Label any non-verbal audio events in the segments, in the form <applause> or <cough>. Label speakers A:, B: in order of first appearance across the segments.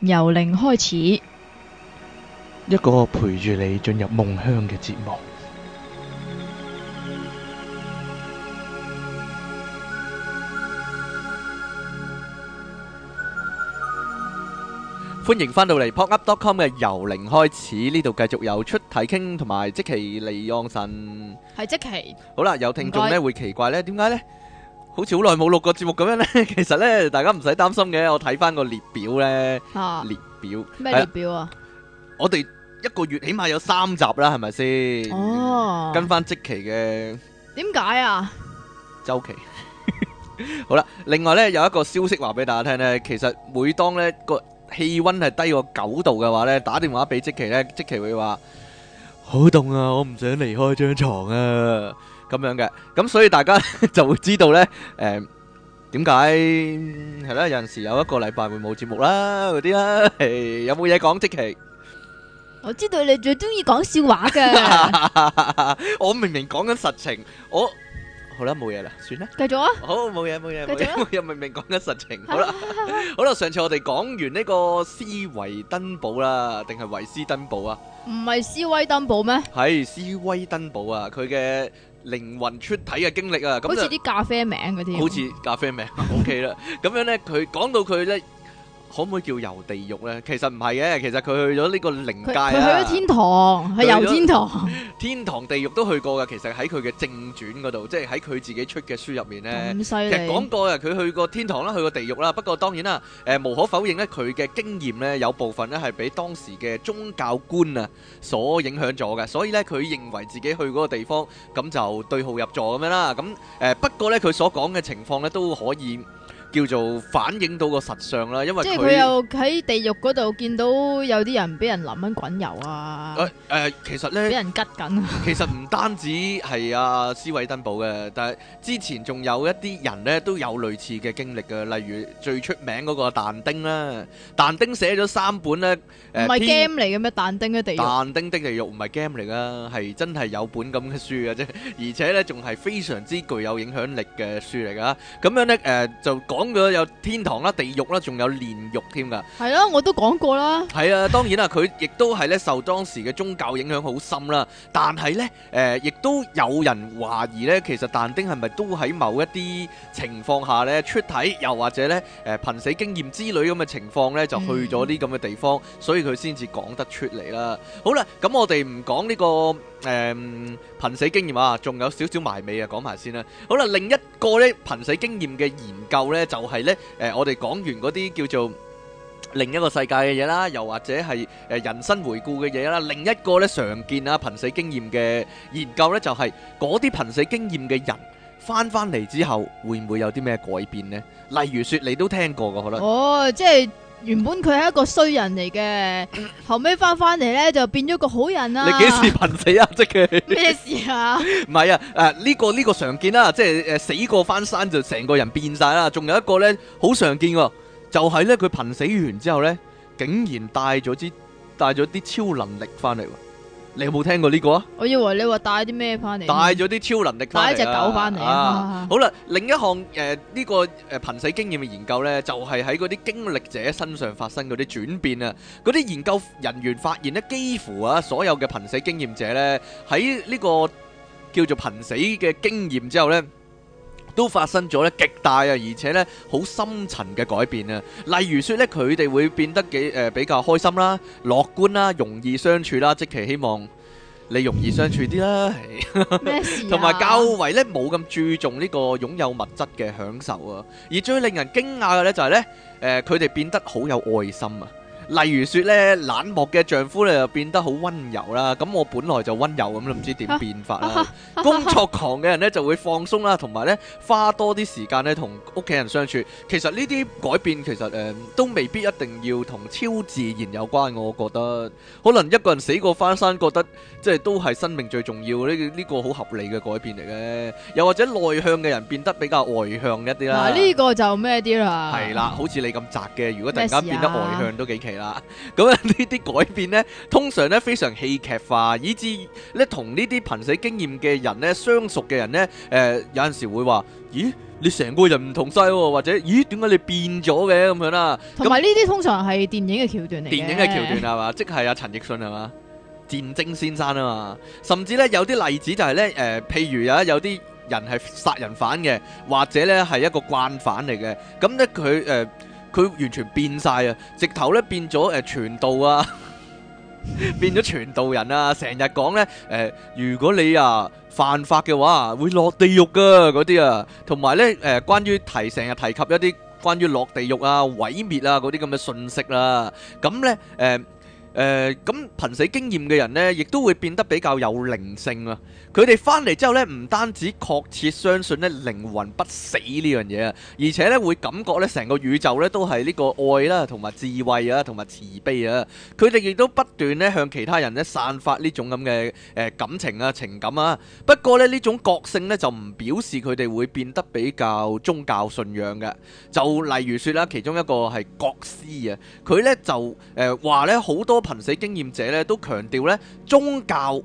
A: 由零開始，
B: 一個陪住你進入夢鄉嘅節目。歡迎翻到嚟 popup.com 嘅由零開始呢度，繼續有出題傾同埋即期利昂神係即期。好啦，有聽眾呢會奇怪呢，點解呢？好似好耐冇錄過節目咁樣呢，其實呢大家唔使擔心嘅。我睇翻個列表呢，列表咩列表啊？我哋一個月起碼有三集啦，係咪先？哦，跟翻積奇嘅。
A: 點解啊？
B: 周期。好啦，另外呢有一個消息話俾大家聽呢，其實每當呢個氣溫係低過九度嘅話呢，打電話俾積奇呢，積奇會話好凍啊，我唔想離開張床啊。咁樣嘅，咁、嗯、所以大家 <laughs> 就會知道咧，誒，點解係啦？有陣時有一個禮拜會冇節目啦，嗰啲啦，有冇嘢講即係？
A: 我知道你最中意講笑話
B: 㗎， <laughs> <laughs> 我明明講緊實情，我好啦，冇嘢啦，算啦，繼續啊，好冇嘢冇嘢，冇嘢，我又明明講緊實情，啊、好啦好啦， <laughs> 上次我哋講完呢個斯威登堡啦，定係維斯登堡啊？
A: 唔係斯威登堡咩？
B: 係斯威登堡啊，佢嘅。靈魂出體嘅經歷啊，咁好似啲
A: 咖啡名嗰啲，好似
B: 咖啡名 <laughs> ，OK 啦。咁樣咧，佢講到佢咧。可唔可以叫遊地獄呢？其實唔係嘅，其實佢去咗呢個靈界啊、佢去咗天
A: 堂，去遊天堂。
B: 天堂、地獄都去過嘅，其實喺佢嘅正傳嗰度，即係喺佢自己出嘅書入面呢，其實講過啊，佢去過天堂啦，去過地獄啦。不過當然啦，誒、呃、無可否認咧，佢嘅經驗咧有部分咧係俾當時嘅宗教官啊所影響咗嘅，所以咧佢認為自己去嗰個地方咁就對號入座咁樣啦。咁誒、呃、不過咧佢所講嘅情況咧都可以。叫做反映到個實相啦，因為即係佢又
A: 喺地獄嗰度見到有啲人俾人淋乜滾油啊！
B: 誒、呃呃，其實咧俾人拮緊，其實唔單止係啊斯偉登堡嘅，但係之前仲有一啲人咧都有類似嘅經歷嘅，例如最出名嗰個但丁啦。但丁寫咗三本咧，呃、唔係 game
A: 嚟嘅咩？但丁嘅地但
B: 丁的地獄唔係 game 嚟啊，係真係有本咁嘅書嘅啫，而且咧仲係非常之具有影響力嘅書嚟啊！咁樣咧誒、呃呃，就講。嗯、有天堂啦、地獄啦，仲有煉獄添㗎。
A: 係啊，我都講過啦。
B: 係啊，當然啦、啊，佢亦都係咧受當時嘅宗教影響好深啦。但係呢，誒、呃，亦都有人懷疑呢，其實但丁係咪都喺某一啲情況下呢，出體，又或者呢，誒、呃、瀕死經驗之類咁嘅情況呢，就去咗啲咁嘅地方，嗯、所以佢先至講得出嚟啦。好啦，咁我哋唔講呢個。誒，瀕死經驗啊，仲有少少埋尾啊，講埋先啦。好啦，另一個咧瀕死經驗嘅研究咧，就係咧，誒，我哋講完嗰啲叫做另一個世界嘅嘢啦，又或者係誒人生回顧嘅嘢啦。另一個咧常見啊瀕死經驗嘅研究咧，就係嗰啲瀕死經驗嘅人翻翻嚟之後，會唔會有啲咩改變咧？例如說，你都聽過㗎，可能哦，即係。
A: 原本佢係一個衰人嚟嘅， <laughs> 後尾翻翻嚟咧就變咗個好人啦。你幾
B: 時瀕死啊？即係咩事啊？唔係 <laughs> 啊，誒、啊、呢、這個呢、這個常見啦、啊，即係誒、呃、死過翻生就成個人變晒啦。仲有一個咧好常見，就係咧佢瀕死完之後咧，竟然帶咗支帶咗啲超能力翻嚟。你有冇聽過呢個啊？
A: 我以為你話帶啲咩翻嚟？帶咗
B: 啲超能力翻嚟啦！帶一隻狗翻嚟啊！好啦，另一項誒呢個誒瀕死經驗嘅研究咧，就係喺嗰啲經歷者身上發生嗰啲轉變啊！嗰啲研究人員發現咧，幾乎啊所有嘅瀕死經驗者咧喺呢個叫做瀕死嘅經驗之後咧，都發生咗咧極大啊，而且咧好深層嘅改變啊。例如說咧，佢哋會變得幾誒、呃、比較開心啦、啊、樂觀啦、啊、容易相處啦、啊，即係希望你容易相處啲啦、啊。同 <laughs> 埋、啊、較為咧冇咁注重呢個擁有物質嘅享受啊。而最令人驚訝嘅咧就係咧誒佢哋變得好有愛心啊。例如說咧，冷漠嘅丈夫咧就變得好溫柔啦，咁我本來就溫柔咁，都唔知點變法啦。 <laughs> 工作狂嘅人咧就會放鬆啦，同埋咧花多啲時間咧同屋企人相處。其實呢啲改變其實誒、呃、都未必一定要同超自然有關，我覺得可能一個人死過翻生，覺得即係都係生命最重要呢呢、呢個好、呢個、合理嘅改變嚟嘅。又或者內向嘅人變得比較外向一啲啦。呢、啊呢
A: 個就咩啲啦？係啦，
B: 好似你咁宅嘅，如果突然間變得外向都幾奇啦，咁啊呢啲改變呢，通常呢非常戲劇化，以至咧同呢啲瀕死經驗嘅人呢，相熟嘅人呢，誒、呃、有陣時會話：咦，你成個人唔同晒，或者咦，點解你變咗嘅咁樣啦？
A: 同埋呢啲通常係電影嘅橋段嚟，電影嘅橋段係
B: 嘛？即係阿陳奕迅係嘛？賤精先生啊嘛，甚至呢有啲例子就係、是、呢，誒、呃，譬如，啊有啲人係殺人犯嘅，或者呢係一個慣犯嚟嘅，咁呢，佢、呃、誒。呃佢完全變晒啊！直頭咧變咗誒、呃、傳道啊， <laughs> 變咗傳道人啊，成日講咧誒，如果你啊犯法嘅話啊，會落地獄噶嗰啲啊，同埋咧誒，關於提成日提及一啲關於落地獄啊、毀滅啊嗰啲咁嘅信息啦、啊，咁咧誒。呃誒咁、呃、憑死經驗嘅人呢，亦都會變得比較有靈性啊！佢哋翻嚟之後呢，唔單止確切相信呢靈魂不死呢樣嘢啊，而且呢會感覺呢成個宇宙呢，都係呢個愛啦、啊，同埋智慧啊，同埋慈悲啊！佢哋亦都不斷呢向其他人呢散發呢種咁嘅誒感情啊、情感啊。不過呢，呢種覺性呢，就唔表示佢哋會變得比較宗教信仰嘅。就例如說啦，其中一個係葛斯啊，佢呢就誒話呢好多。瀕死經驗者咧都強調咧宗教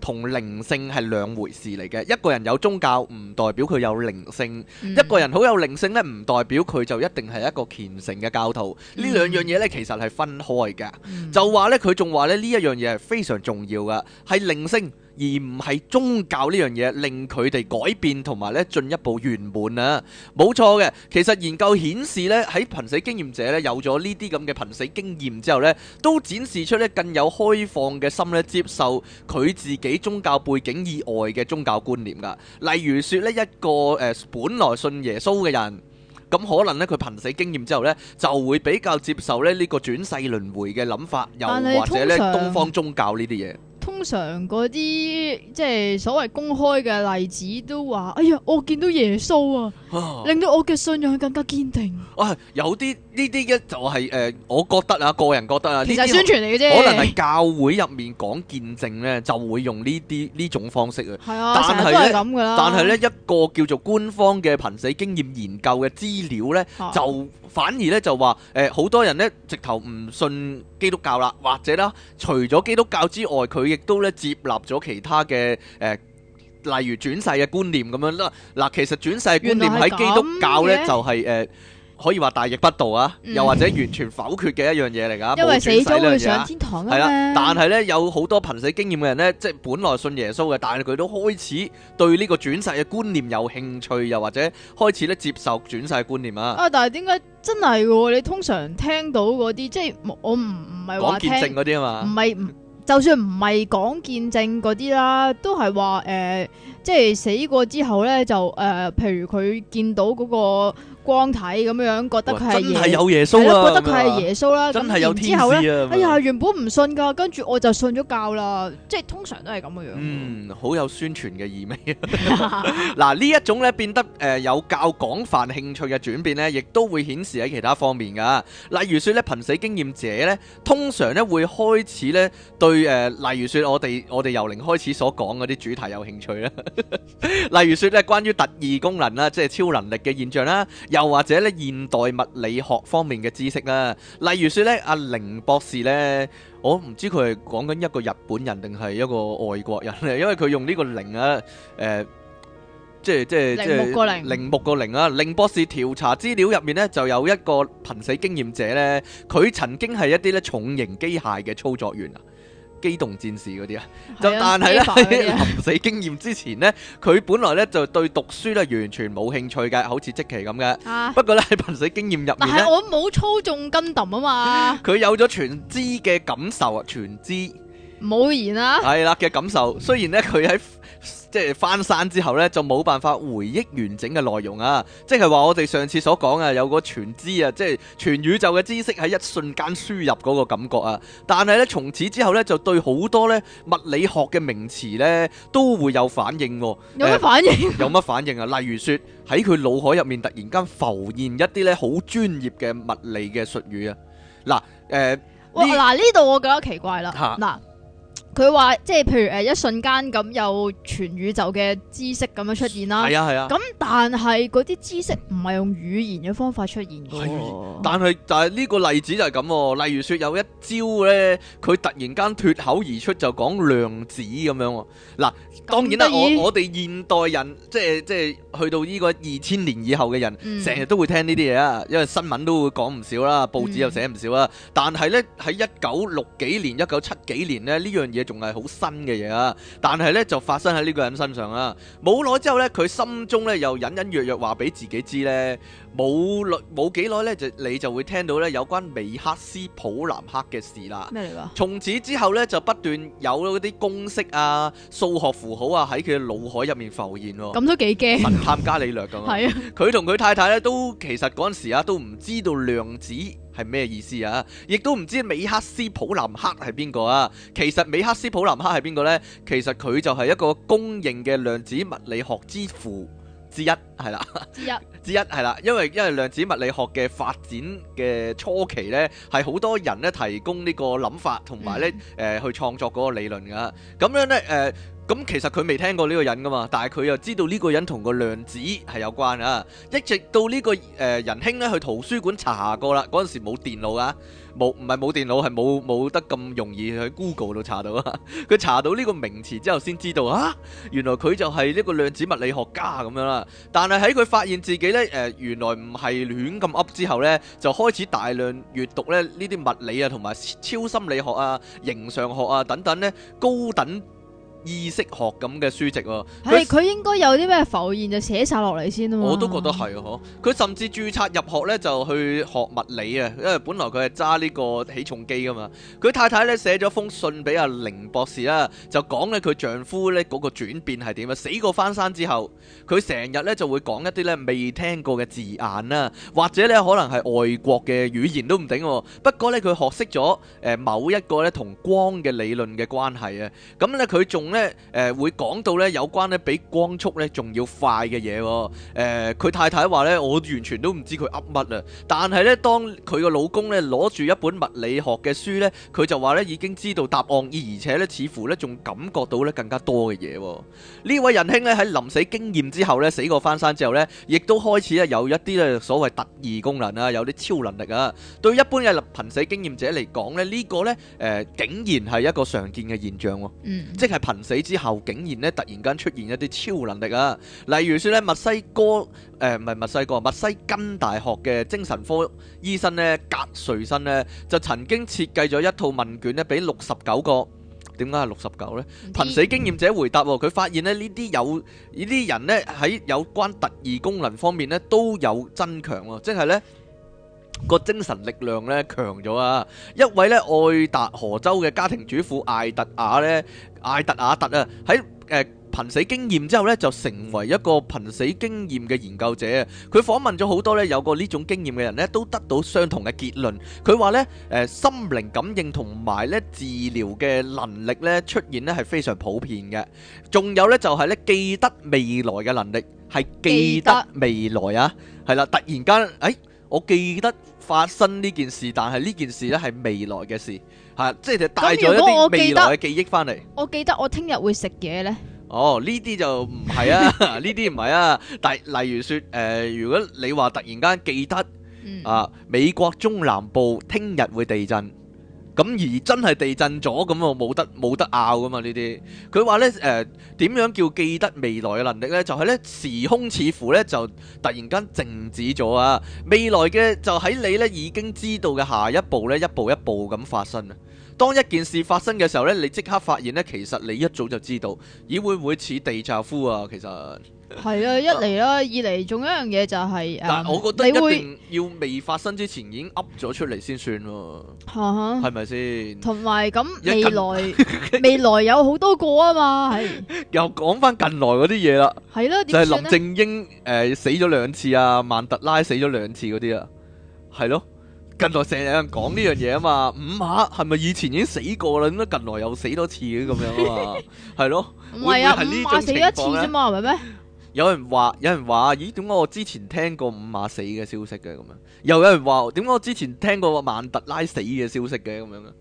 B: 同靈性係兩回事嚟嘅，一個人有宗教唔代表佢有靈性，嗯、一個人好有靈性咧唔代表佢就一定係一個虔誠嘅教徒，兩呢兩樣嘢咧其實係分開嘅。嗯、就話咧，佢仲話咧呢一樣嘢係非常重要噶，係靈性。而唔係宗教呢樣嘢令佢哋改變同埋咧進一步圓滿啊！冇錯嘅，其實研究顯示咧，喺瀕死經驗者咧有咗呢啲咁嘅瀕死經驗之後咧，都展示出咧更有開放嘅心咧接受佢自己宗教背景以外嘅宗教觀念㗎。例如説咧一個誒本來信耶穌嘅人，咁可能咧佢瀕死經驗之後咧就會比較接受咧呢個轉世輪迴嘅諗法，又或者咧東方宗教呢啲嘢。
A: 通常嗰啲即係所謂公開嘅例子都話：哎呀，我見到耶穌啊，令到我嘅信仰更加堅定。
B: 啊，有啲呢啲一就係誒，我覺得啊，個人覺得啊，其實宣傳嚟嘅啫，可能係教會入面講見證咧，就會用呢啲呢種方式去。係啊，但係咁噶啦，但係咧一個叫做官方嘅瀕死經驗研究嘅資料咧，就反而咧就話誒，好多人咧直頭唔信基督教啦，或者啦，除咗基督教之外，佢亦都。都咧接納咗其他嘅誒、呃，例如轉世嘅觀念咁樣啦。嗱、啊，其實轉世嘅觀念喺基督教咧就係、是、誒、呃，可以話大逆不道啊，嗯、又或者完全否決嘅一樣嘢嚟噶。因為、啊、死咗會上天
A: 堂噶嘛、啊啊。但
B: 係咧有好多瀕死經驗嘅人咧，即係本來信耶穌嘅，但係佢都開始對呢個轉世嘅觀念有興趣，又或者開始咧接受轉世觀念啊。啊！
A: 但係點解真係、啊？你通常聽到嗰啲即係我唔唔係話講見證嗰啲啊嘛？唔係唔。就算唔係講見證嗰啲啦，都係話誒，即係死過之後咧，就誒，譬如佢見到嗰個。光睇咁樣樣，覺得佢係真係有耶穌啦，覺得佢係耶穌啦。真係有天意啊！之後呢哎呀呦，原本唔信噶，跟住我就信咗教啦。即係、嗯、通常都係咁嘅樣。
B: 嗯，好有宣傳嘅意味嗱，呢 <laughs> <laughs> <laughs> 一種咧變得誒有較廣泛興趣嘅轉變呢，亦都會顯示喺其他方面噶。例如說咧，瀕死經驗者呢，通常咧會開始咧對誒、呃，例如說我哋我哋由零開始所講嗰啲主題有興趣啦。 <laughs> 例如說咧，關於特異功能啦，即係超能力嘅現象啦。又或者咧，現代物理學方面嘅知識啦、啊，例如説咧，阿、啊、鈴博士咧，我唔知佢係講緊一個日本人定係一個外國人咧，因為佢用呢個鈴啊，誒、呃，即係即係即係鈴木個鈴，鈴木個鈴啊，鈴、啊、博士調查資料入面咧，就有一個瀕死經驗者咧，佢曾經係一啲咧重型機械嘅操作員啊。機動戰士嗰啲啊，就對但係咧， <laughs> 喺臨死經驗之前呢，佢本來咧就對讀書咧完全冇興趣嘅，好似積奇咁嘅。啊、不過咧喺臨死經驗入面，但係我
A: 冇操縱 Gundam 啊嘛。
B: 佢有咗全知嘅感受啊，全知。
A: 冇言啊，
B: 係啦嘅感受。雖然呢，佢喺即係翻山之後呢，就冇辦法回憶完整嘅內容啊。即係話我哋上次所講啊，有個全知啊，即係全宇宙嘅知識喺一瞬間輸入嗰個感覺啊。但係呢，從此之後呢，就對好多呢物理學嘅名詞呢都會有反應、啊。有乜反應？呃、有乜反應啊？ <laughs> 例如說喺佢腦海入面突然間浮現一啲呢好專業嘅物理嘅術語啊。嗱，誒、
A: 呃，嗱呢度我覺得奇怪啦。嗱。佢話即係譬如誒一瞬間咁有全宇宙嘅知識咁樣出現啦，係啊係啊。咁、啊、但係啲知識唔係用語言嘅方法出現
B: 嘅。係、哎，但係就係呢個例子就係咁、啊。例如說有一朝咧，佢突然間脫口而出就講量子咁樣、啊，嗱、啊，當然啦、啊，我我哋現代人即係即係去到呢個二千年以後嘅人，成日、嗯、都會聽呢啲嘢啊，因為新聞都會講唔少啦，報紙又寫唔少啦。嗯、但係咧喺一九六幾年、一九七幾年咧呢樣嘢。仲係好新嘅嘢啊！但係呢就發生喺呢個人身上啊！冇耐之後呢，佢心中呢又隱隱約約話俾自己知呢冇耐，冇幾耐呢，就你就會聽到呢有關美克斯普南克嘅事啦。咩嚟㗎？從此之後呢，就不斷有嗰啲公式啊、數學符號啊喺佢嘅腦海入面浮現咯啊。咁都幾驚！文探伽利略咁 <laughs> 是啊！係佢同佢太太呢，都其實嗰陣時啊都唔知道量子。係咩意思啊？亦都唔知美克斯普林克係邊個啊？其實美克斯普林克係邊個呢？其實佢就係一個公認嘅量子物理學之父之一，係啦，
A: 之 <laughs> 一，
B: 之一係啦。因為因為量子物理學嘅發展嘅初期呢，係好多人呢提供個呢個諗法同埋呢誒去創作嗰個理論㗎。咁樣呢。誒、呃。咁其實佢未聽過呢個人噶嘛，但係佢又知道呢個人同個量子係有關啊。一直到呢個誒仁兄咧去圖書館查過啦，嗰陣時冇電腦啊，冇，唔係冇電腦，係冇，冇得咁容易喺 Google 度查到啊。佢查到呢個名詞之後，先知道啊，原來佢就係呢個量子物理學家咁樣啦。但係喺佢發現自己咧誒，原來唔係亂咁噏之後咧，就開始大量閱讀咧呢啲物理啊同埋超心理學啊、形上學啊等等咧高等意識學咁嘅書籍喎，係佢
A: 應該有啲咩浮現就寫晒落嚟先啊，我
B: 都覺得係啊，佢甚至註冊入學呢就去學物理啊，因為本來佢係揸呢個起重機啊嘛。佢太太呢寫咗封信俾阿凌博士啦，就講呢佢丈夫呢嗰個轉變係點啊！死過翻生之後，佢成日呢就會講一啲呢未聽過嘅字眼啦，或者呢可能係外國嘅語言都唔定。不過呢，佢學識咗誒某一個呢同光嘅理論嘅關係啊，咁呢，佢仲。咧，誒，會講到咧有關咧比光速咧仲要快嘅嘢。誒，佢太太話咧，我完全都唔知佢噏乜啊。但係咧，當佢個老公咧攞住一本物理學嘅書咧，佢就話咧已經知道答案，而且咧似乎咧仲感覺到咧更加多嘅嘢。呢位仁兄咧喺臨死經驗之後咧死過翻生之後咧，亦都開始啊有一啲咧所謂特異功能啊，有啲超能力啊。對一般嘅臨瀕死經驗者嚟講咧，呢個咧誒竟然係一個常見嘅現象。嗯，即係瀕。死之後，竟然咧突然間出現一啲超能力啊！例如說，說咧墨西哥誒，唔、呃、係墨西哥，密西根大學嘅精神科醫生呢，格瑞森呢，就曾經設計咗一套問卷咧，俾六十九個點解係六十九呢？瀕 <music> 死經驗者回答、啊，佢發現咧呢啲有呢啲人咧喺有關特異功能方面呢，都有增強、啊，即、就、係、是、呢個精神力量呢，強咗啊！一位呢愛達荷州嘅家庭主婦艾特雅呢。艾特阿特啊，喺、呃、誒瀕死經驗之後咧，就成為一個瀕死經驗嘅研究者。佢訪問咗好多咧有過呢種經驗嘅人咧，都得到相同嘅結論。佢話咧誒心靈感應同埋咧治療嘅能力咧出現咧係非常普遍嘅。仲有咧就係、是、咧記得未來嘅能力，係記得未來啊，係啦記得，突然間誒、哎、我記得發生呢件事，但係呢件事咧係未來嘅事。係，即係帶咗一啲未來嘅記憶翻嚟。回來
A: 我記得我聽日會食嘢咧。
B: 哦，呢啲就唔係啊，呢啲唔係啊。但例如說，誒、呃，如果你話突然間記得，啊，美國中南部聽日會地震。咁而真係地震咗，咁我冇得冇得拗噶嘛呢啲。佢話呢，誒點樣叫記得未來嘅能力呢？就係呢時空似乎呢就突然間靜止咗啊！未來嘅就喺你呢已經知道嘅下一步呢，一步一步咁發生啊！當一件事發生嘅時候呢，你即刻發現呢，其實你一早就知道。咦，會唔會似地煞夫啊？其實。
A: 係啊，一嚟啦，二嚟，仲有一樣嘢就係、
B: 是、誒，但我覺得你會要未發生之前已經噏咗出嚟先算咯，
A: 係
B: 咪先？
A: 同埋咁未來近 <laughs> 未來有好多個啊嘛，係
B: 又講翻近來嗰啲嘢啦，
A: 係咯，就林正
B: 英誒、呃、死咗兩次啊，曼特拉死咗兩次嗰啲啊，係咯，近來成日有人講呢樣嘢啊嘛， <laughs> 五馬係咪以前已經死過啦？咁近來又死多次嘅咁樣啊嘛，係咯， <laughs> 係啊，五馬死咗一次啫嘛，係咪咩？有人話，有人話，咦？點解我之前聽過五馬死嘅消息嘅咁樣？又有人話，點解我之前聽過曼特拉死嘅消息嘅咁樣？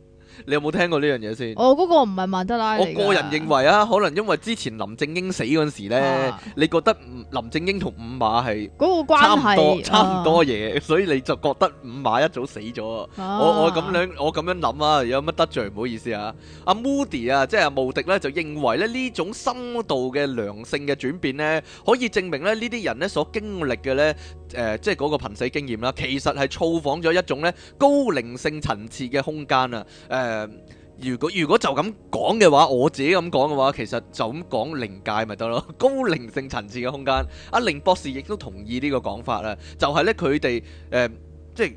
B: 你有冇聽過呢樣嘢先？我
A: 嗰、哦嗰個唔係曼德拉。我個人
B: 認為啊，可能因為之前林正英死嗰陣時咧，啊、你覺得林正英同五馬係嗰
A: 個關係差唔多，
B: 嘢、啊，所以你就覺得五馬一早死咗、啊、我我咁樣我咁樣諗啊，有乜得罪唔好意思啊！阿、啊、Moody 啊，即係穆迪呢、啊，就認為咧呢種深度嘅良性嘅轉變呢，可以證明咧呢啲人呢所經歷嘅呢，誒、呃，即係嗰個瀕死經驗啦，其實係造訪咗一種呢高靈性層次嘅空間啊，誒、呃。呃誒，如果如果就咁講嘅話，我自己咁講嘅話，其實就咁講靈界咪得咯，高靈性層次嘅空間，阿凌博士亦都同意呢個講法啦，就係咧佢哋誒，即係。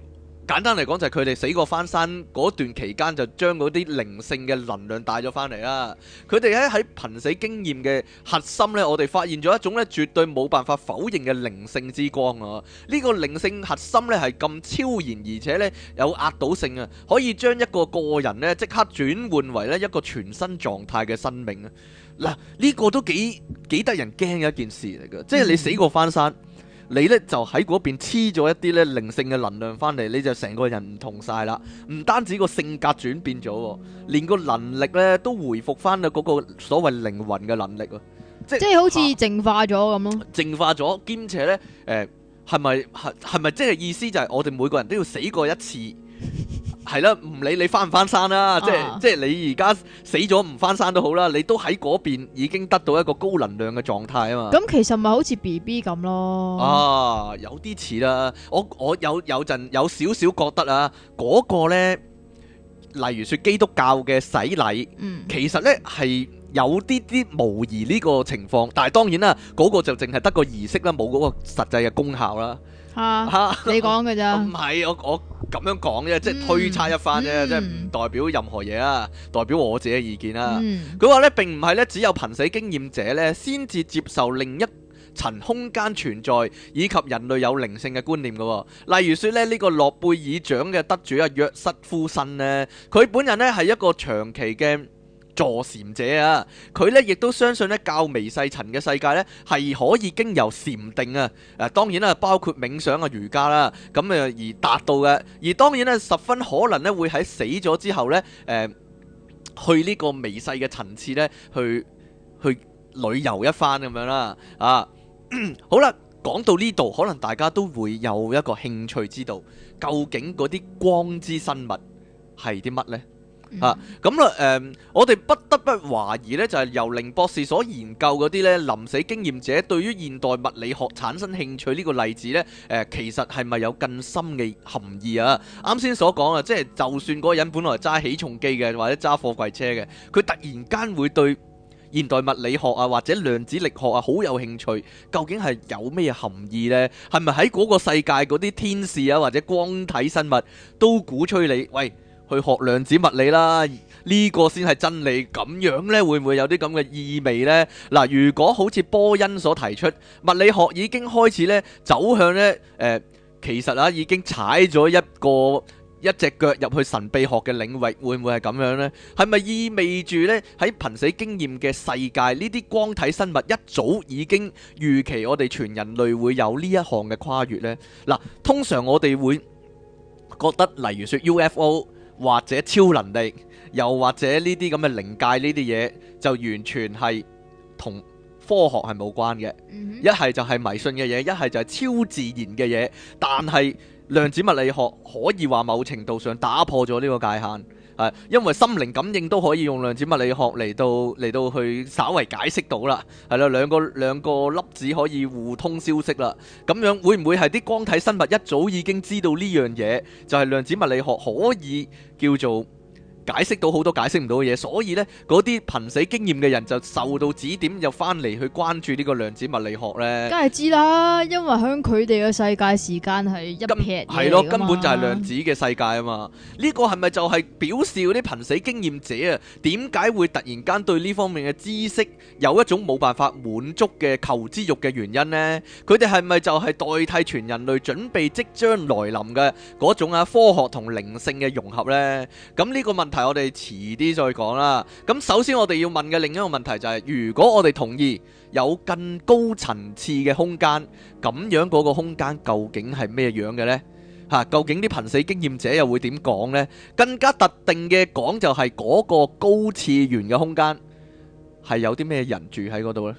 B: 簡單嚟講，就係佢哋死過翻山嗰段期間，就將嗰啲靈性嘅能量帶咗翻嚟啦。佢哋喺喺瀕死經驗嘅核心呢，我哋發現咗一種咧絕對冇辦法否認嘅靈性之光啊！呢個靈性核心呢，係咁超然，而且咧有壓倒性啊，可以將一個個人呢，即刻轉換為咧一個全新狀態嘅生命啊！嗱，呢個都幾幾得人驚嘅一件事嚟嘅，即係你死過翻山。嗯你呢就喺嗰邊黐咗一啲呢靈性嘅能量翻嚟，你就成個人唔同晒啦，唔單止個性格轉變咗，連個能力呢都回復翻到嗰個所謂靈魂嘅能力咯，
A: 即係好似淨化咗咁咯，
B: 淨化咗兼且呢誒係咪係係咪即係意思就係我哋每個人都要死過一次？ <laughs> 係啦，唔理你翻唔翻山啦、啊，即係、uh, 即係你而家死咗唔翻山都好啦，你都喺嗰邊已經得到一個高能量嘅狀態啊嘛。咁
A: 其實咪好似 B B 咁咯。啊，
B: 有啲似啦。我我有有陣有少少覺得啊，嗰、嗰個呢，例如說基督教嘅洗禮，嗯，其實呢係有啲啲模擬呢個情況，但係當然啦，嗰、嗰個就淨係得個儀式啦，冇嗰個實際嘅功效啦。
A: 吓、啊，你講嘅咋？唔
B: 係 <laughs> 我我。我我咁樣講啫，即係推測一番啫，嗯、即係唔代表任何嘢啊，代表我自己嘅意見啦、啊。佢話咧並唔係咧只有瀕死經驗者咧先至接受另一層空間存在以及人類有靈性嘅觀念嘅喎、哦。例如說咧呢、呢個諾貝爾獎嘅得主啊約瑟夫森呢，佢本人咧係一個長期嘅助禪者啊，佢咧亦都相信咧，較微細層嘅世界咧，係可以經由禪定啊，誒當然啦，包括冥想啊、瑜伽啦，咁啊而達到嘅，而當然咧十分可能咧會喺死咗之後咧，誒、呃、去呢個微細嘅層次咧，去去旅遊一番咁樣啦，啊、嗯、好啦，講到呢度，可能大家都會有一個興趣知道，究竟嗰啲光之生物係啲乜呢？啊，咁啦，誒、嗯，我哋不得不懷疑呢就係、是、由寧博士所研究嗰啲呢臨死經驗者對於現代物理學產生興趣呢個例子呢，誒、呃，其實係咪有更深嘅含義啊？啱先所講啊，即、就、係、是、就算嗰個人本來揸起重機嘅，或者揸貨櫃車嘅，佢突然間會對現代物理學啊，或者量子力學啊，好有興趣，究竟係有咩含義呢？係咪喺嗰個世界嗰啲天使啊，或者光體生物都鼓吹你？喂！去學量子物理啦，呢個先係真理。咁樣咧，會唔會有啲咁嘅意味咧？嗱，如果好似波恩所提出，物理學已經開始咧走向咧，誒，其實啊已經踩咗一個一隻腳入去神秘學嘅領域，會唔會係咁樣咧？係咪意味住咧喺瀕死經驗嘅世界，呢啲光體生物一早已經預期我哋全人類會有呢一項嘅跨越咧？嗱，通常我哋會覺得，例如說 UFO。或者超能力，又或者呢啲咁嘅靈界呢啲嘢，就完全係同科學係冇關嘅，一係、mm hmm. 就係迷信嘅嘢，一係就係超自然嘅嘢。但係量子物理學可以話某程度上打破咗呢個界限。係，因為心靈感應都可以用量子物理學嚟到嚟到去稍為解釋到啦，係啦，兩個兩個粒子可以互通消息啦，咁樣會唔會係啲光體生物一早已經知道呢樣嘢？就係量子物理學可以叫做。解釋到好多解釋唔到嘅嘢，所以呢嗰啲瀕死經驗嘅人就受到指點，就翻嚟去關注呢個量子物理學呢。梗係
A: 知啦，因為喺佢哋嘅世界，時間係一撇嘅嘢啊嘛。係咯，根本就係
B: 量子嘅世界啊嘛。呢 <music> 個係咪就係表示嗰啲瀕死經驗者啊，點解會突然間對呢方面嘅知識有一種冇辦法滿足嘅求知欲嘅原因呢？佢哋係咪就係代替全人類準備即將來臨嘅嗰種啊科學同靈性嘅融合呢？咁呢個問題我哋遲啲再講啦。咁首先我哋要問嘅另一個問題就係、是，如果我哋同意有更高層次嘅空間，咁樣嗰個空間究竟係咩樣嘅呢？吓、啊，究竟啲瀕死經驗者又會點講呢？更加特定嘅講就係嗰個高次元嘅空間係有啲咩人住喺嗰度呢？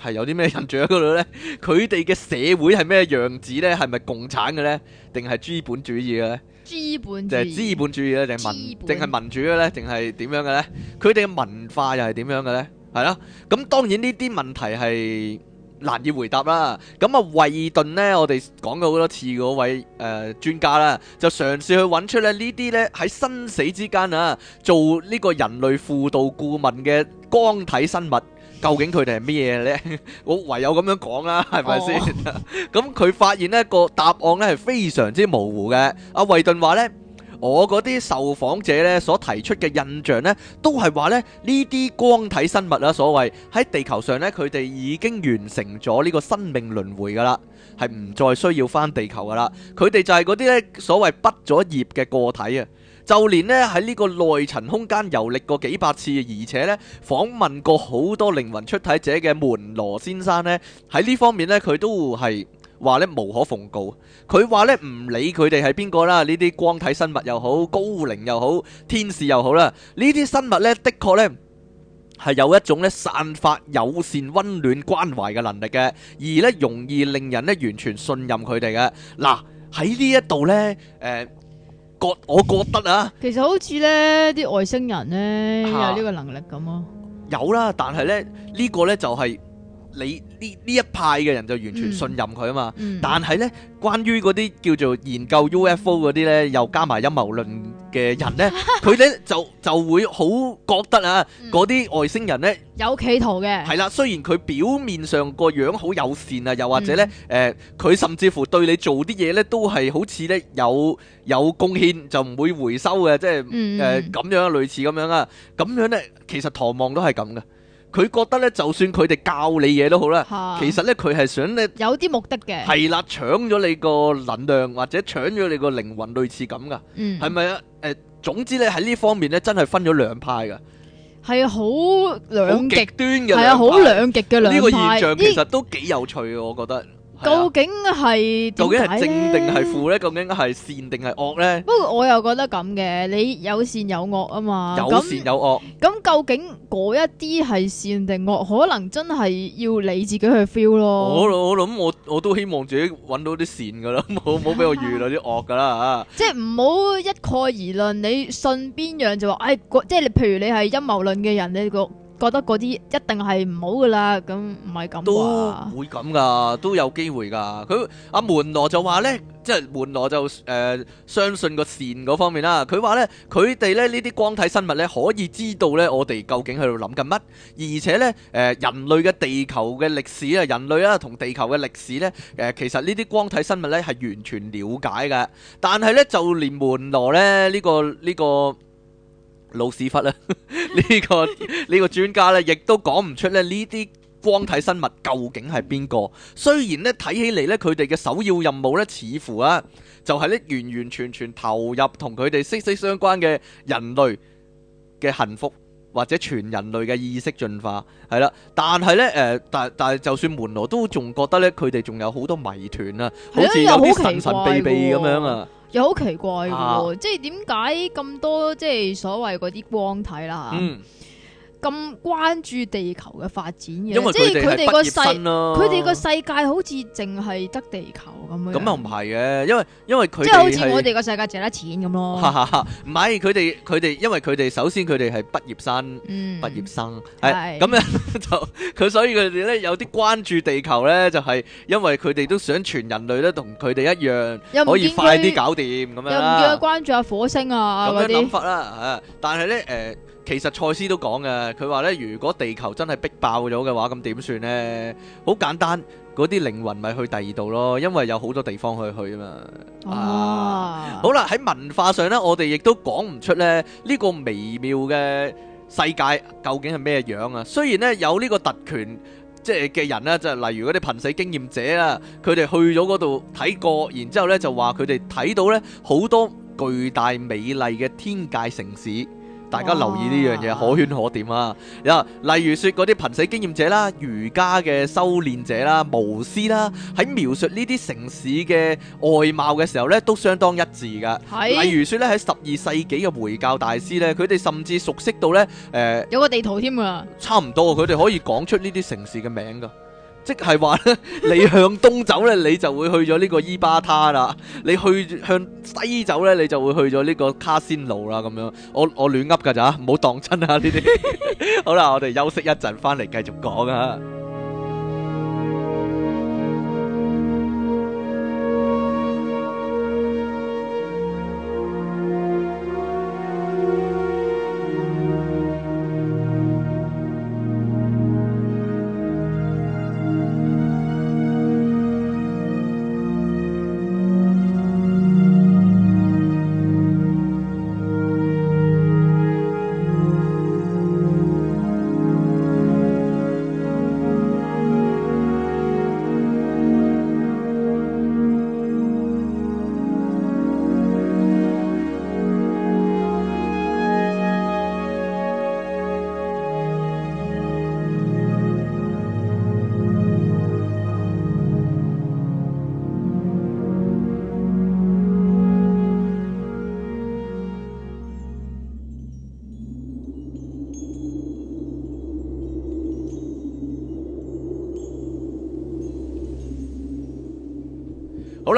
B: 係有啲咩人住喺嗰度呢？佢哋嘅社會係咩樣子呢？係咪共產嘅呢？定係資本主義嘅呢？
A: 資本，就係資
B: 本主義咧，定民，淨係本民主嘅咧，定係點樣嘅咧？佢哋嘅文化又係點樣嘅咧？係咯，咁當然呢啲問題係難以回答啦。咁啊，惠爾頓咧，我哋講過好多次嗰位誒、呃、專家啦，就嘗試去揾出咧呢啲咧喺生死之間啊，做呢個人類輔導顧問嘅光體生物。究竟佢哋係咩嘢咧？我唯有咁樣講啦，係咪先？咁佢發現呢個答案咧係非常之模糊嘅。阿惠頓話咧，我嗰啲受訪者咧所提出嘅印象咧，都係話咧呢啲光體生物啦，所謂喺地球上咧，佢哋已經完成咗呢個生命輪迴噶啦，係唔再需要翻地球噶啦。佢哋就係嗰啲咧所謂畢咗業嘅個體啊。就連咧喺呢個內層空間遊歷過幾百次，而且咧訪問過好多靈魂出體者嘅門羅先生咧，喺呢方面咧佢都係話咧無可奉告。佢話咧唔理佢哋係邊個啦，呢啲光體生物又好，高靈又好，天使又好啦，呢啲生物咧，的確咧係有一種咧散發友善、温暖、關懷嘅能力嘅，而咧容易令人咧完全信任佢哋嘅。嗱喺呢一度咧，誒。覺我覺得啊，其實好似
A: 咧啲外星人咧有呢個能力咁咯、啊
B: 啊，有啦，但係咧呢、呢個咧就係、是。你呢呢一派嘅人就完全信任佢啊嘛，但係咧，關於嗰啲叫做研究 UFO 嗰啲咧，又加埋陰謀論嘅人咧，佢咧就就會好覺得啊，嗰啲外星人咧
A: 有企圖嘅，係
B: 啦，雖然佢表面上個樣好友善啊，又或者咧，誒，佢甚至乎對你做啲嘢咧，都係好似咧有有貢獻，就唔會回收嘅，即係誒咁樣啊，類似咁樣啊，咁樣咧，其實唐望都係咁嘅。佢覺得咧，就算佢哋教你嘢都好啦，啊、其實咧佢係想你
A: 有啲目的嘅，係
B: 啦，搶咗你個能量或者搶咗你個靈魂，類似咁噶，係咪啊？誒、呃，總之咧喺呢方面咧，真係分咗兩派噶，
A: 係好兩
B: 極、極端嘅，係啊，好兩
A: 極嘅兩派。呢、啊、個現象其實，咦其實
B: 都幾有趣嘅，我覺得。
A: 究竟係究竟係正定係負
B: 咧？究竟係善定係惡咧？
A: 不過我又覺得咁嘅，你有善有惡啊嘛？有善有惡，咁究竟嗰一啲係善定惡？可能真係要你自己去 feel 咯。我我
B: 諗我我都希望自己揾到啲善噶啦，唔好俾我遇到啲惡噶啦
A: 吓。 <laughs> <laughs> 即係唔好一概而論，你信邊樣就話，哎，即係你譬如你係陰謀論嘅人咧，個。覺得嗰啲一定係唔好噶啦，咁唔係咁，都
B: 會咁噶，都有機會噶。佢阿門羅就話咧，即係門羅就誒相信個善嗰方面啦。佢話咧，佢哋咧呢啲光體生物咧可以知道咧我哋究竟喺度諗緊乜，而且咧誒人類嘅地球嘅歷史啊，人類啊同地球嘅歷史咧，誒其實呢啲光體生物咧係完全了解噶，但係咧就連門羅咧呢個呢個。老屎忽啦、 <laughs> 呢個，呢個呢個專家咧，亦都講唔出咧呢啲光體生物究竟係邊個。雖然咧睇起嚟咧，佢哋嘅首要任務咧，似乎啊就係、係、咧完完全全投入同佢哋息息相關嘅人類嘅幸福或者全人類嘅意識進化，係啦。但係咧誒，但但係就算門羅都仲覺得咧，佢哋仲有好多謎團啊，好似有啲神神秘秘咁樣啊。
A: 又好奇怪喎，啊，即係點解咁多即係所謂嗰啲光體啦嚇？嗯咁關注地球嘅發展嘅，因為啊、即係佢哋個世，佢哋個世界好似淨係得地球咁樣。咁又唔
B: 係嘅，因為因為佢即係好似我哋
A: 個世界淨係得錢咁咯。
B: 唔係，佢哋佢哋，因為佢哋、啊、首先佢哋係畢業生，畢業生係咁樣就佢，所以佢哋咧有啲關注地球咧，就係、是、因為佢哋都想全人類咧同佢哋一樣，可以快啲搞掂咁樣，又唔叫佢
A: 關注下火星啊嗰啲。咁嘅諗、啊、法啦、
B: 啊，但係咧誒。呃其實賽斯都講嘅，佢話咧，如果地球真係逼爆咗嘅話，咁點算呢？好簡單，嗰啲靈魂咪去第二度咯，因為有好多地方可以去啊嘛。啊，啊好啦，喺文化上呢，我哋亦都講唔出咧呢、呢個微妙嘅世界究竟係咩樣啊？雖然呢，有呢個特權即係嘅人呢，就例如嗰啲瀕死經驗者啊，佢哋去咗嗰度睇過，然之後呢，就話佢哋睇到呢好多巨大美麗嘅天界城市。大家留意呢樣嘢可圈可點啊！嗱，例如說嗰啲瀕死經驗者啦、瑜伽嘅修練者啦、巫師啦，喺描述呢啲城市嘅外貌嘅時候呢，都相當一致噶。是例如說咧，喺十二世紀嘅回教大師呢，佢哋甚至熟悉到呢，誒、呃、
A: 有個地圖添啊。
B: 差唔多，佢哋可以講出呢啲城市嘅名㗎。即係話咧，你向東走咧，你就會去咗呢個伊巴塔啦；你去向西走咧，你就會去咗呢個卡仙路啦。咁樣，我我亂噏㗎咋，唔好當真啊！呢啲 <laughs> 好啦，我哋休息一陣，翻嚟繼續講啊。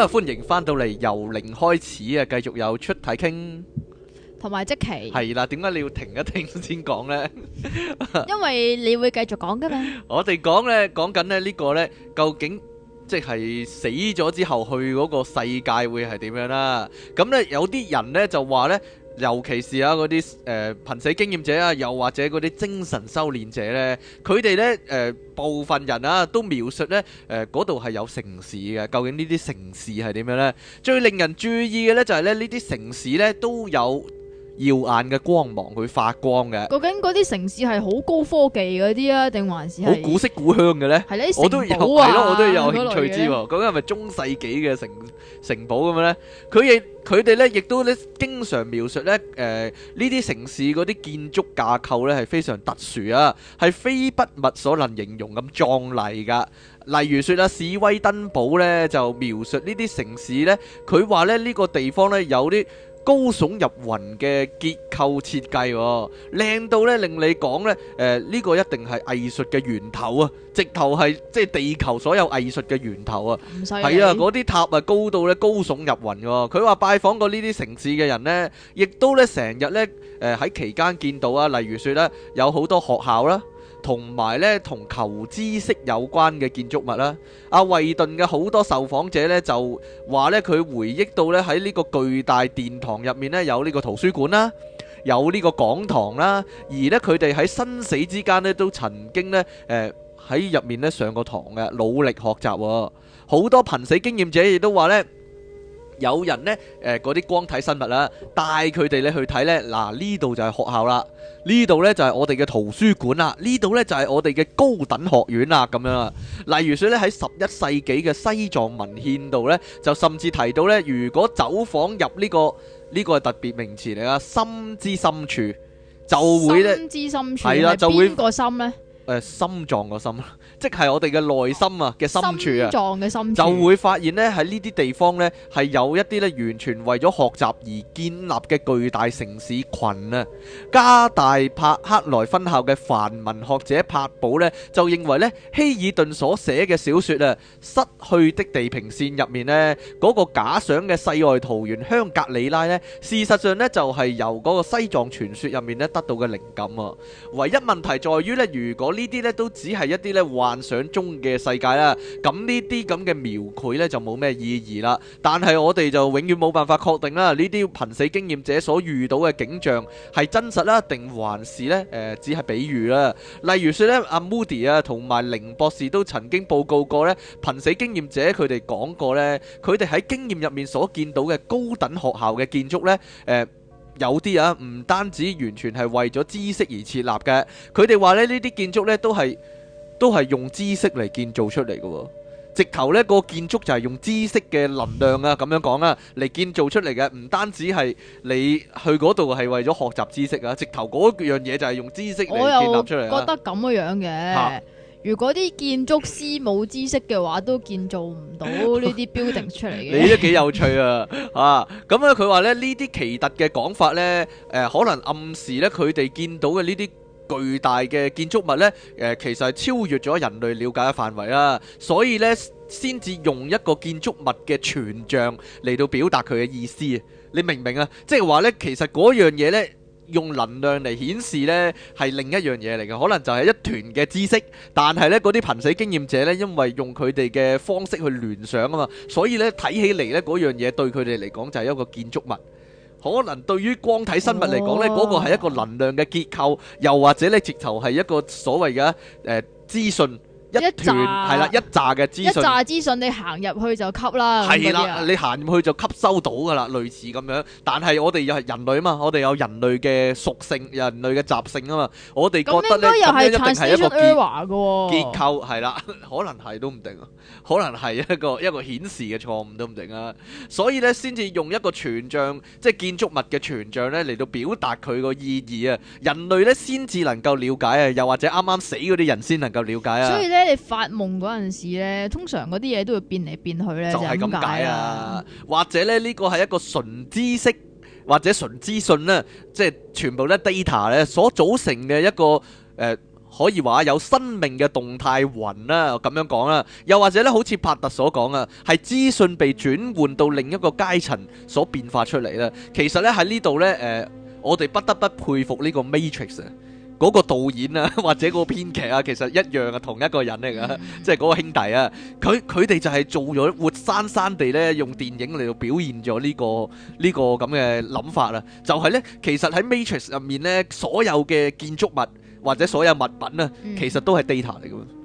B: 好，歡迎翻到嚟由零開始啊，繼續有出題傾，
A: 同埋即期。係
B: 啦，點解你要停一停先講呢？ <laughs>
A: 因為你會繼續講㗎嘛。
B: <laughs> 我哋講呢，講緊呢呢個呢，究竟即係死咗之後去嗰個世界會係點樣啦？咁呢，有啲人呢就話呢。尤其是啊嗰啲誒瀕死經驗者啊，又或者嗰啲精神修煉者咧，佢哋咧誒部分人啊都描述咧誒嗰度係有城市嘅。究竟呢啲城市係點樣咧？最令人注意嘅咧就係咧呢啲城市咧都有。耀眼嘅光芒，佢發光嘅。究
A: 竟嗰啲城市係好高科技嗰啲啊，定還是係好
B: 古色古香嘅咧？係咧，城堡啊，嗰類嘅。我都係咯，我都有興趣知。究竟係咪中世紀嘅城城堡咁樣咧？佢亦佢哋咧亦都咧經常描述咧誒呢啲城市嗰啲建築架構咧係非常特殊啊，係非筆墨所能形容咁壯麗噶。例如説啊，史威登堡咧就描述呢啲城市咧，佢話咧呢個地方咧有啲。高聳入雲嘅結構設計，靚到咧令你講咧，誒、呃、呢、呢個一定係藝術嘅源頭啊！直頭係即係地球所有藝術嘅源頭啊！係啊，嗰啲塔啊高到咧高聳入雲喎！佢話拜訪過呢啲城市嘅人呢，亦都咧成日咧誒喺期間見到啊，例如說咧有好多學校啦。同埋呢，同求知識有關嘅建築物啦，阿、啊、惠頓嘅好多受訪者呢，就話呢，佢回憶到呢，喺呢個巨大殿堂入面呢，有呢個圖書館啦，有呢個講堂啦，而呢，佢哋喺生死之間呢，都曾經呢，誒喺入面呢上過堂嘅，努力學習喎，好多瀕死經驗者亦都話呢。有人呢，誒嗰啲光體生物啦、啊，帶佢哋咧去睇呢。嗱，呢度就係學校啦，呢度呢就係我哋嘅圖書館啦，呢度呢就係我哋嘅高等學院啦，咁樣啊。例如説呢，喺十一世紀嘅西藏文獻度呢，就甚至提到呢，如果走訪入呢、呢個呢、呢個係特別名詞嚟啊，心之深處就會
A: 咧，係啦就會個心咧。
B: 誒心臟個心，即係我哋嘅內心啊嘅深處啊，心
A: 心心就會
B: 發現呢，喺呢啲地方呢，係有一啲呢完全為咗學習而建立嘅巨大城市群啊。加大柏克萊分校嘅梵文學者柏寶呢，就認為呢，希爾頓所寫嘅小說啊，《失去的地平線》入面呢，嗰、那個假想嘅世外桃源香格里拉呢，事實上呢，就係由嗰個西藏傳說入面呢得到嘅靈感啊。唯一問題在於呢，如果呢啲咧都只係一啲咧幻想中嘅世界啦，咁呢啲咁嘅描繪咧就冇咩意義啦。但係我哋就永遠冇辦法確定啦，呢啲瀕死經驗者所遇到嘅景象係真實啦，定還是咧誒只係比喻啦？例如說咧阿 Moody 啊，同埋寧博士都曾經報告過咧，瀕死經驗者佢哋講過咧，佢哋喺經驗入面所見到嘅高等學校嘅建築咧誒。有啲啊，唔單止完全係為咗知識而設立嘅，佢哋話咧呢啲建築咧都係都係用知識嚟建造出嚟嘅喎，直頭呢個建築就係用知識嘅能量啊，咁樣講啊，嚟建造出嚟嘅。唔單止係你去嗰度係為咗學習知識啊，直頭嗰樣嘢就係用知識嚟建立出嚟啦。我覺得
A: 咁嘅樣嘅。如果啲建築師冇知識嘅話，都建造唔到呢啲 building 出嚟嘅。你都
B: 幾有趣 <laughs> 啊！嚇、嗯，咁咧佢話咧呢啲奇特嘅講法呢誒、呃、可能暗示呢，佢哋見到嘅呢啲巨大嘅建築物呢誒、呃、其實係超越咗人類了解嘅範圍啦。所以呢，先至用一個建築物嘅全像嚟到表達佢嘅意思。你明唔明啊？即係話呢，其實嗰樣嘢呢。用能量嚟顯示咧，係另一樣嘢嚟嘅，可能就係一團嘅知識。但係咧，嗰啲瀕死經驗者咧，因為用佢哋嘅方式去聯想啊嘛，所以咧睇起嚟咧嗰樣嘢對佢哋嚟講就係一個建築物。可能對於光體生物嚟講咧，嗰個係一個能量嘅結構，又或者咧直頭係一個所謂嘅誒資訊。一紮係啦，一紮嘅資訊，一紮
A: 資訊你行入去就吸啦，係啦的，樣
B: 你行入去就吸收到噶啦，類似咁樣。但係我哋又係人類啊嘛，我哋有人類嘅屬性，人類嘅習性啊嘛，我哋覺得呢咁樣，樣一定係一個結結、
A: 啊、結構，
B: 係啦，可能係都唔定，可能係一個一個顯示嘅錯誤都唔定啊。所以咧，先至用一個全像，即係建築物嘅全像咧嚟到表達佢個意義啊。人類咧先至能夠了解啊，又或者啱啱死嗰啲人先能夠了解啊。
A: 咧你發夢嗰陣時咧，通常嗰啲嘢都會變嚟變去咧，就係咁解啊！
B: 或者咧呢個係一個純知識或者純資訊咧，即係全部咧 data 咧所組成嘅一個誒、呃，可以話有生命嘅動態雲啦，咁樣講啦。又或者咧，好似帕特所講啊，係資訊被轉換到另一個階層所變化出嚟啦。其實咧，喺呢度咧誒，我哋不得不佩服呢個 Matrix 啊！嗰個導演啊，或者個編劇啊，其實一樣啊，同一個人嚟、啊、噶、mm-hmm. 即係嗰個兄弟啊，佢佢哋就係做咗活生生地咧，用電影嚟到表現咗呢個呢個咁嘅諗法啊，就係咧，其實喺 Matrix 入面咧，所有嘅建築物或者所有物品啊，其實都係 data 嚟㗎。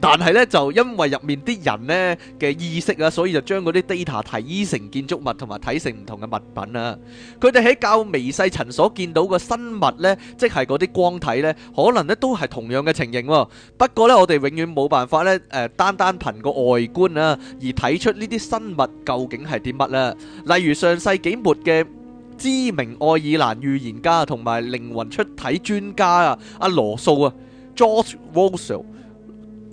B: 但係咧，就因為入面啲人呢嘅意識啊，所以就將嗰啲 data 睇成建築物同埋睇成唔同嘅物品啊。佢哋喺較微細層所見到嘅生物呢，即係嗰啲光體呢，可能咧都係同樣嘅情形，啊。不過呢，我哋永遠冇辦法呢，誒、呃、單單憑個外觀啊而睇出呢啲生物究竟係啲乜啦。例如上世紀末嘅知名愛爾蘭預言家同埋靈魂出體專家啊，阿羅素啊，George Russell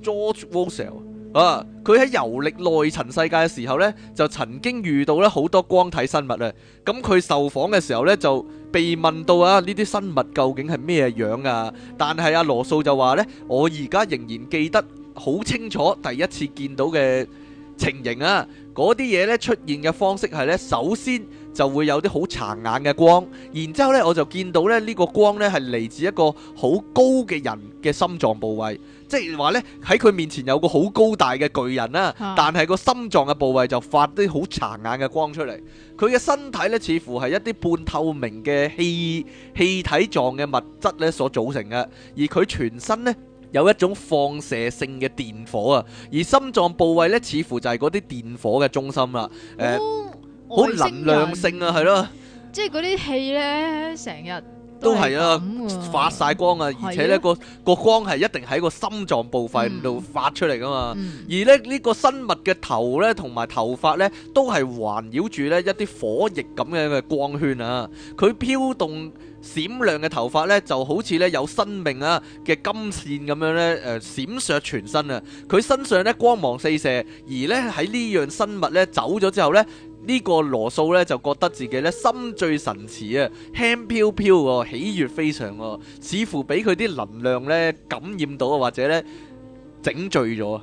B: George Russell 啊，佢喺遊歷內層世界嘅時候呢，就曾經遇到咧好多光體生物啊。咁佢受訪嘅時候呢，就被問到啊，呢啲生物究竟係咩樣啊？但係阿羅素就話呢，我而家仍然記得好清楚第一次見到嘅情形啊。嗰啲嘢咧出現嘅方式係呢，首先就會有啲好殘眼嘅光，然之後呢，我就見到咧呢個光呢，係嚟自一個好高嘅人嘅心臟部位。即係話呢，喺佢面前有個好高大嘅巨人啦、啊，啊、但係個心臟嘅部位就發啲好殘眼嘅光出嚟。佢嘅身體呢，似乎係一啲半透明嘅氣氣體狀嘅物質呢，所組成嘅，而佢全身呢，有一種放射性嘅電火啊，而心臟部位呢，似乎就係嗰啲電火嘅中心啦、啊。誒、哦，好、呃、能量性啊，係咯，
A: 即係嗰啲氣呢，成日。都係啊，發
B: 晒光啊，而且呢個個、啊、光係一定喺個心臟部分度發出嚟噶嘛。嗯、而咧呢、這個生物嘅頭咧，同埋頭髮呢，都係環繞住呢一啲火翼咁樣嘅光圈啊。佢飄動閃亮嘅頭髮呢，就好似呢有生命啊嘅金線咁樣呢，誒，閃爍全身啊。佢身上呢，光芒四射，而呢喺呢樣生物呢走咗之後呢。呢個羅素咧就覺得自己咧心醉神馳啊，輕飄飄喎，喜悅非常喎，似乎俾佢啲能量咧感染到啊，或者咧整醉咗啊，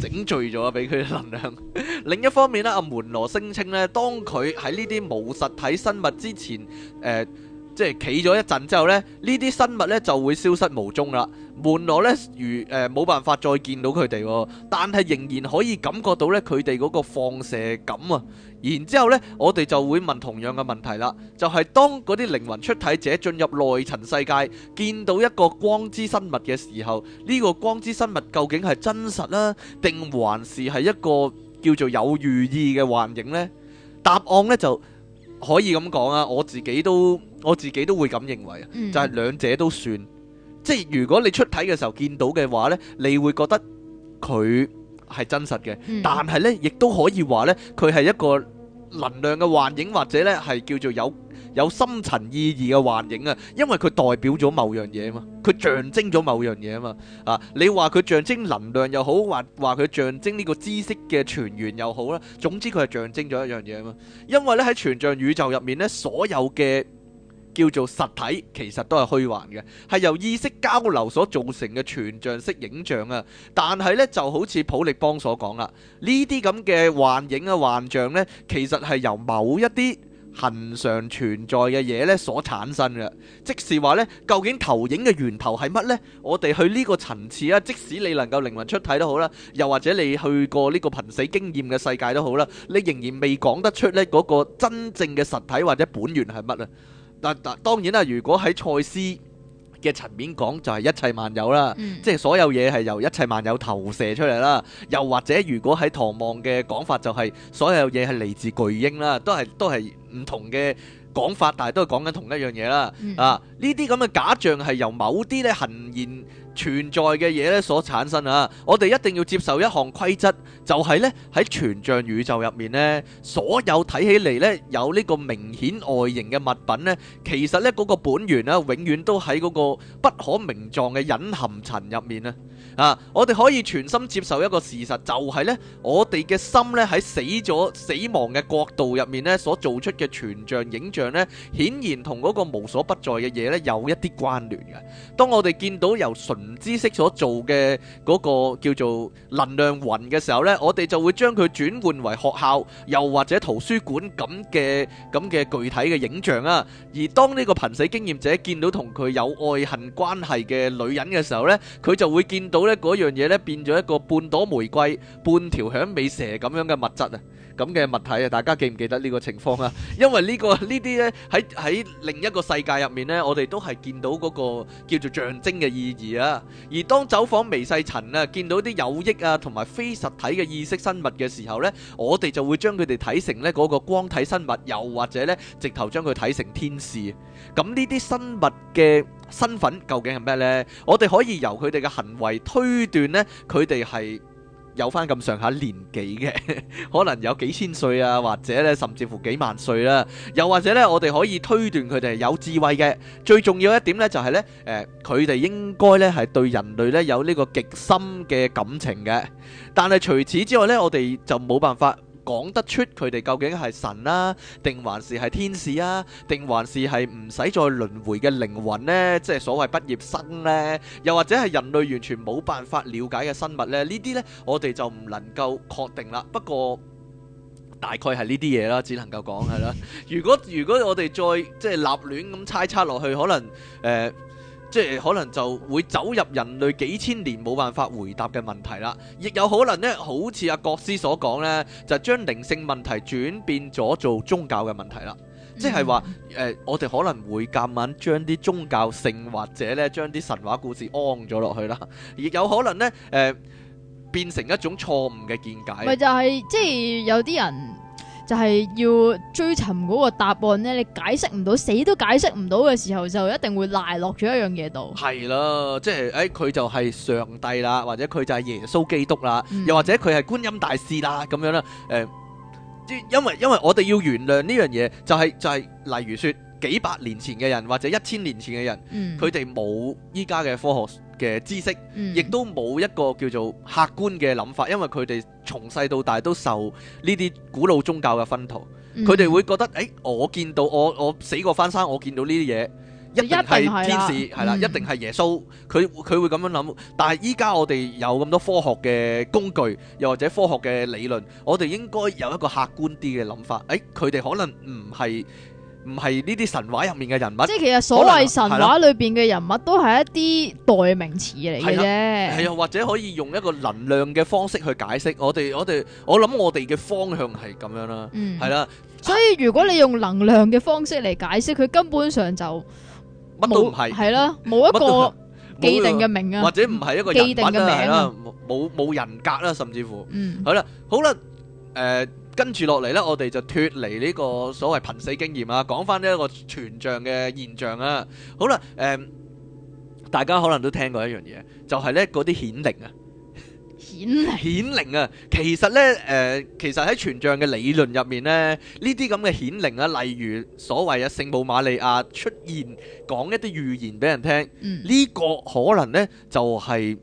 B: 整醉咗啊，俾佢啲能量。 <laughs> 另一方面咧，阿門羅聲稱咧，當佢喺呢啲無實體生物之前，誒、呃，即係企咗一陣之後咧，呢啲生物咧就會消失無蹤啦。門落咧，如誒冇辦法再見到佢哋，但係仍然可以感覺到咧佢哋嗰個放射感啊！然之後咧，我哋就會問同樣嘅問題啦，就係當嗰啲靈魂出體者進入內層世界，見到一個光之生物嘅時候，呢個光之生物究竟係真實啦，定還是係一個叫做有寓意嘅幻影咧？答案咧就可以咁講啊！我自己都我自己都會咁認為，就係兩者都算。即係如果你出體嘅時候見到嘅話呢，你會覺得佢係真實嘅。但係呢，亦都可以話呢，佢係一個能量嘅幻影，或者呢係叫做有有深層意義嘅幻影啊。因為佢代表咗某樣嘢啊嘛，佢象徵咗某樣嘢啊嘛。啊，你話佢象徵能量又好，或話佢象徵呢個知識嘅傳源又好啦。總之佢係象徵咗一樣嘢啊嘛。因為呢喺全像宇宙入面呢，所有嘅。叫做實體其實都係虛幻嘅，係由意識交流所造成嘅全像式影像啊！但係呢就好似普力邦所講啦，呢啲咁嘅幻影啊幻象呢，其實係由某一啲恆常存在嘅嘢呢所產生嘅。即是話呢，究竟投影嘅源頭係乜呢？我哋去呢個層次啊，即使你能夠靈魂出體都好啦，又或者你去過呢個瀕死經驗嘅世界都好啦，你仍然未講得出呢嗰個真正嘅實體或者本源係乜啊？嗱嗱，當然啦！如果喺賽斯嘅層面講，就係、是、一切萬有啦，嗯、即係所有嘢係由一切萬有投射出嚟啦。又或者，如果喺唐望嘅講法，就係所有嘢係嚟自巨嬰啦，都係都係唔同嘅講法，但係都係講緊同一樣嘢啦。啊，呢啲咁嘅假象係由某啲咧恆然存在嘅嘢咧所產生啊！我哋一定要接受一項規則，就係咧喺全像宇宙入面咧，所有睇起嚟咧有呢個明顯外形嘅物品咧，其實咧嗰個本源咧，永遠都喺嗰個不可名狀嘅隱含層入面啊！啊！我哋可以全心接受一個事實，就係咧，我哋嘅心咧喺死咗死亡嘅國度入面咧，所做出嘅全像影像咧，顯然同嗰個無所不在嘅嘢咧有一啲關聯嘅。當我哋見到由純知識所做嘅嗰個叫做能量雲嘅時候咧，我哋就會將佢轉換為學校又或者圖書館咁嘅咁嘅具體嘅影像啊。而當呢個瀕死經驗者見到同佢有愛恨關係嘅女人嘅時候咧，佢就會見到咧嗰樣嘢咧變咗一個半朵玫瑰、半條響尾蛇咁樣嘅物質啊，咁嘅物體啊，大家記唔記得呢個情況啊？因為呢個呢啲咧喺喺另一個世界入面咧，我哋都係見到嗰個叫做象徵嘅意義啊。而當走訪微細層咧，見到啲有益啊同埋非實體嘅意識生物嘅時候咧，我哋就會將佢哋睇成咧嗰個光體生物，又或者咧直頭將佢睇成天使。咁呢啲生物嘅身份究竟係咩呢？我哋可以由佢哋嘅行為推斷呢，佢哋係有翻咁上下年紀嘅，可能有幾千歲啊，或者咧甚至乎幾萬歲啦。又或者呢，我哋可以推斷佢哋係有智慧嘅。最重要一點呢，就係呢，誒，佢哋應該呢係對人類呢有呢個極深嘅感情嘅。但係除此之外呢，我哋就冇辦法。講得出佢哋究竟係神啦、啊，定還是係天使啊，定還是係唔使再輪回嘅靈魂呢？即係所謂畢業生呢、啊，又或者係人類完全冇辦法了解嘅生物呢？呢啲呢，我哋就唔能夠確定啦。不過大概係呢啲嘢啦，只能夠講係啦。如果如果我哋再即係立亂咁猜測落去，可能誒。呃即係可能就會走入人類幾千年冇辦法回答嘅問題啦，亦有可能呢，好似阿國師所講呢，就將靈性問題轉變咗做宗教嘅問題啦。即係話誒，我哋可能會夾硬將啲宗教性或者呢將啲神話故事安咗落去啦，亦有可能呢，誒、呃、變成一種錯誤嘅見解，咪
A: 就係即係有啲人。就係要追尋嗰個答案咧，你解釋唔到，死都解釋唔到嘅時候，就一定會賴落咗一樣嘢度。
B: 係啦，即係誒，佢、欸、就係上帝啦，或者佢就係耶穌基督啦，又或者佢係觀音大士啦咁樣啦，誒、呃，即因為因為我哋要原諒呢樣嘢，就係、是、就係、是、例如説幾百年前嘅人，或者一千年前嘅人，佢哋冇依家嘅科學。嘅知識，亦都冇一個叫做客觀嘅諗法，因為佢哋從細到大都受呢啲古老宗教嘅薰陶，佢哋會覺得，誒，我見到我我死過翻生，我見到呢啲嘢，一定係天使，係啦，一定係耶穌，佢佢會咁樣諗。但係依家我哋有咁多科學嘅工具，又或者科學嘅理論，我哋應該有一個客觀啲嘅諗法。誒，佢哋可能唔係。唔係呢啲神話入面嘅人物，即係其實所謂神話裏
A: 邊嘅人物都係一啲代名詞嚟嘅啫。係啊，
B: 或者可以用一個能量嘅方式去解釋我哋，我哋我諗我哋嘅方向係咁樣啦。嗯，係啦。
A: 所以如果你用能量嘅方式嚟解釋，佢根本上就
B: 乜都唔係，係
A: 咯，冇一個
B: 既定嘅名啊，或者唔係一個既定嘅名啊，冇冇人格啦，甚至乎嗯，好啦，好啦，誒。跟住落嚟呢，我哋就脫離呢個所謂瀕死經驗啊，講翻一個全像嘅現象啊。好啦，誒、呃，大家可能都聽過一樣嘢，就係呢嗰啲顯靈啊，顯靈顯靈啊。其實呢，誒、呃，其實喺全像嘅理論入面呢，呢啲咁嘅顯靈啊，例如所謂啊聖母瑪利亞出現講一啲預言俾人聽，呢、嗯、個可能呢，就係、是、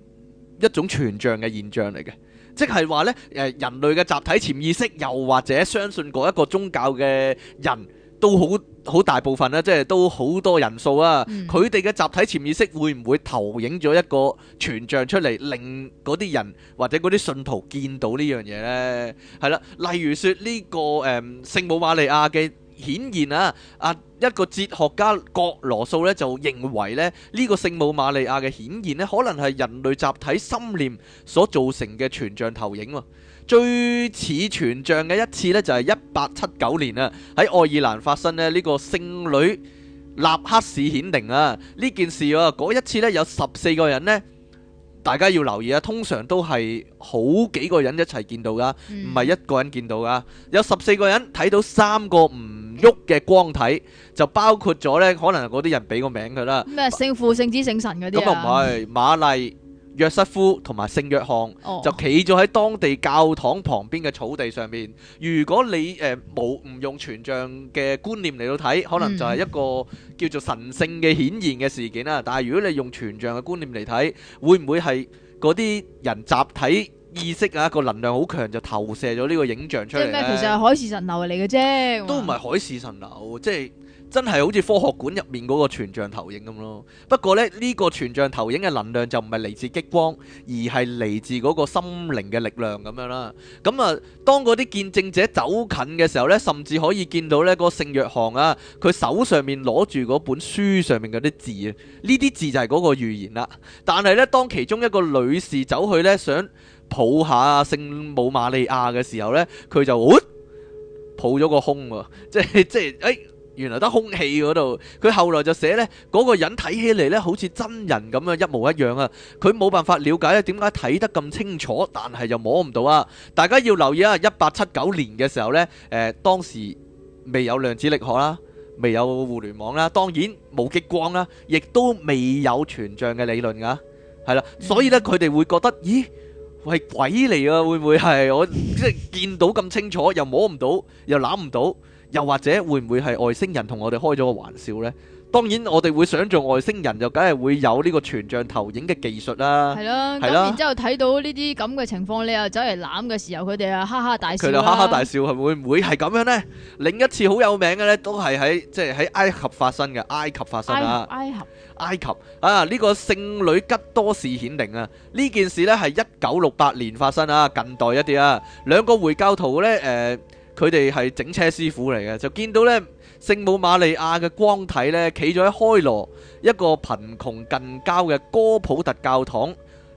B: 一種全像嘅現象嚟嘅。即係話咧，誒人類嘅集體潛意識，又或者相信嗰一個宗教嘅人都好，好大部分咧，即係都好多人數啊。佢哋嘅集體潛意識會唔會投影咗一個全像出嚟，令嗰啲人或者嗰啲信徒見到呢樣嘢呢？係啦，例如説呢、這個誒、嗯、聖母瑪利亞嘅。顯現啊！啊，一個哲學家郭羅素咧就認為咧呢、呢個聖母瑪利亞嘅顯現呢，可能係人類集體心念所造成嘅全像投影、啊、最似全像嘅一次呢，就係一八七九年啊喺愛爾蘭發生咧呢、呢個聖女納克士顯靈啊呢件事啊，嗰一次呢，有十四個人呢。大家要留意啊！通常都係好幾個人一齊見到噶，唔係、嗯、一個人見到噶。有十四個人睇到三個唔喐嘅光體，就包括咗呢可能嗰啲人俾個名佢啦。咩？
A: 聖父、聖子、聖神嗰啲啊？咁啊唔係
B: 馬麗、約瑟夫同埋聖約翰、oh. 就企咗喺當地教堂旁邊嘅草地上面。如果你誒冇唔用全像嘅觀念嚟到睇，可能就係一個叫做神性嘅顯現嘅事件啦。但係如果你用全像嘅觀念嚟睇，會唔會係嗰啲人集體意識啊，個能量好強，就投射咗呢個影像出嚟？其實係
A: 海市蜃樓嚟嘅啫，
B: 都唔係海市蜃樓，即係。真係好似科學館入面嗰、這個全像投影咁咯。不過呢，呢個全像投影嘅能量就唔係嚟自激光，而係嚟自嗰個心靈嘅力量咁樣啦。咁、嗯、啊，當嗰啲見證者走近嘅時候呢，甚至可以見到呢個聖約翰啊，佢手上面攞住嗰本書上面嗰啲字，呢啲字就係嗰個預言啦。但係呢，當其中一個女士走去呢，想抱下聖母瑪利亞嘅時候呢，佢就抱咗個胸喎、啊，即係即係誒。哎原來得空氣嗰度，佢後來就寫咧，嗰個人睇起嚟咧，好似真人咁樣一模一樣啊！佢冇辦法了解咧，點解睇得咁清楚，但係又摸唔到啊！大家要留意啊！一八七九年嘅時候咧，誒，當時未有量子力學啦，未有互聯網啦，當然冇激光啦，亦都未有全像嘅理論噶，係啦，所以咧佢哋會覺得，咦，係鬼嚟啊？會唔會係我即係見到咁清楚，又摸唔到，又攬唔到？又或者會唔會係外星人同我哋開咗個玩笑咧？當然我哋會想像外星人就梗係會有呢個全像投影嘅技術啦。係咯，咁然之後
A: 睇到呢啲咁嘅情況，你又走嚟攬嘅時候，佢哋啊哈哈大笑。佢就哈哈大
B: 笑，係會唔會係咁樣咧？另一次好有名嘅咧，都係喺即係喺埃及發生嘅。埃及發生啦，埃及，埃及啊！呢個聖女吉多士顯靈啊！呢件事咧係一九六八年發生啊，近代一啲啊，兩個回教徒咧誒。佢哋係整車師傅嚟嘅，就見到咧聖母瑪利亞嘅光體咧，企咗喺開羅一個貧窮近郊嘅哥普特教堂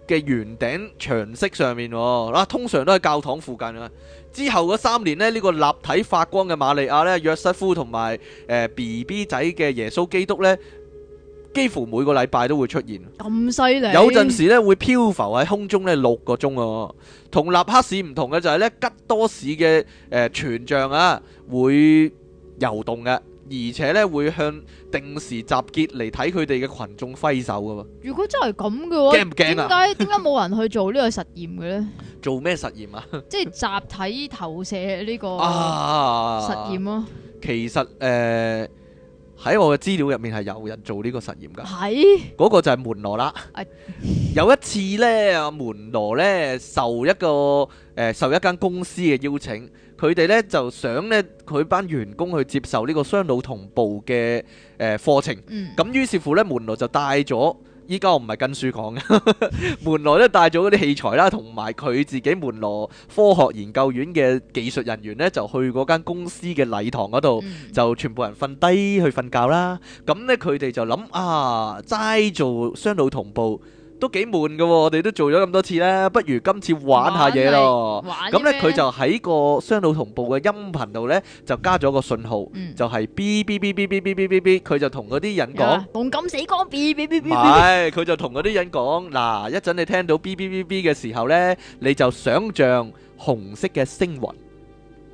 B: 嘅圓頂牆飾上面。嗱、啊，通常都係教堂附近啊。之後嗰三年呢，呢、呢個立體發光嘅瑪利亞咧，約瑟夫同埋誒 BB 仔嘅耶穌基督呢。幾乎每個禮拜都會出現，
A: 咁犀利。有陣時
B: 咧會漂浮喺空中咧六個鐘，同立克市唔同嘅就係咧吉多市嘅誒，全像啊會游動嘅，而且咧會向定時集結嚟睇佢哋嘅群眾揮手噶。
A: 如果真係咁嘅話，驚唔驚啊？點解點解冇人去做呢個實驗嘅咧？
B: <laughs> 做咩實驗啊？
A: 即係集體投射呢個
B: 實驗咯、啊啊。其實誒。呃喺我嘅資料入面係有人做呢個實驗㗎，係嗰是、嗯嗰個就係門羅啦。 <laughs> 有一次呢，門羅呢受一個誒、呃、受一間公司嘅邀請，佢哋呢就想呢佢班員工去接受呢個雙腦同步嘅誒、呃、課程，咁、嗯、於是乎呢，門羅就帶咗。依家我唔係跟書講嘅，門羅咧帶咗啲器材啦，同埋佢自己門羅科學研究院嘅技術人員呢，就去嗰間公司嘅禮堂嗰度，就全部人瞓低去瞓覺啦。咁呢，佢哋就諗啊，齋做雙腦同步。都幾悶嘅喎，我哋都做咗咁多次啦，不如今次玩下嘢咯。咁呢，佢就喺個雙腦同步嘅音頻度呢，就加咗個信號，就係 bi bi bi bi b b b b 佢就同嗰啲人講。
A: 動咁死光 bi bi b bi。唔係，
B: 佢就同嗰啲人講，嗱一陣你聽到 bi bi b b 嘅時候呢，你就想像紅色嘅星雲。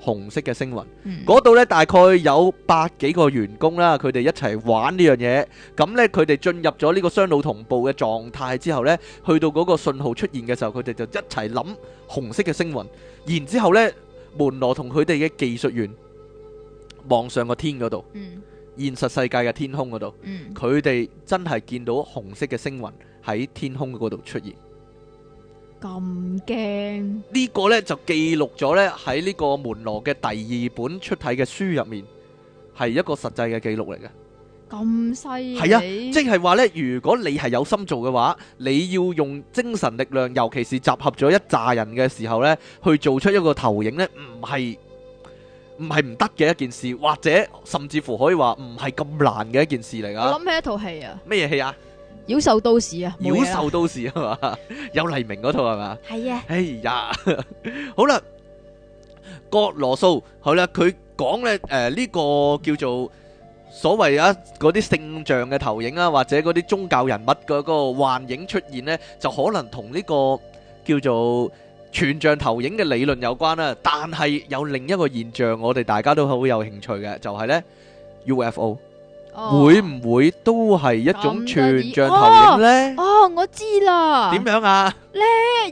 B: 紅色嘅星雲，嗰度咧大概有百幾個員工啦，佢哋一齊玩呢樣嘢，咁咧佢哋進入咗呢個雙腦同步嘅狀態之後咧，去到嗰個信號出現嘅時候，佢哋就一齊諗紅色嘅星雲，然之後咧門羅同佢哋嘅技術員望上個天嗰度，現實世界嘅天空嗰度，佢哋真係見到紅色嘅星雲喺天空嗰度出現。
A: 咁驚
B: 呢個呢，就記錄咗呢，喺呢個門羅嘅第二本出體嘅書入面，係一個實際嘅記錄嚟嘅。
A: 咁犀利？係啊，
B: 即係話呢，如果你係有心做嘅話，你要用精神力量，尤其是集合咗一扎人嘅時候呢，去做出一個投影呢，唔係唔係唔得嘅一件事，或者甚至乎可以話唔係咁難嘅一件事嚟啊！我諗
A: 起一套戲啊，咩嘢戲啊？妖獸都市啊，妖獸
B: 都市係嘛，有黎明嗰套係嘛，係啊，哎呀，好啦，郭羅素，好啦，佢講咧，誒呢個叫做所謂啊嗰啲聖像嘅投影啊，或者嗰啲宗教人物嘅嗰個幻影出現咧，就可能同呢個叫做全像投影嘅理論有關啦。但係有另一個現象，我哋大家都好有興趣嘅，就係咧 UFO。會唔會都係一種全像投影咧？
A: 哦，我知啦。點樣啊？咧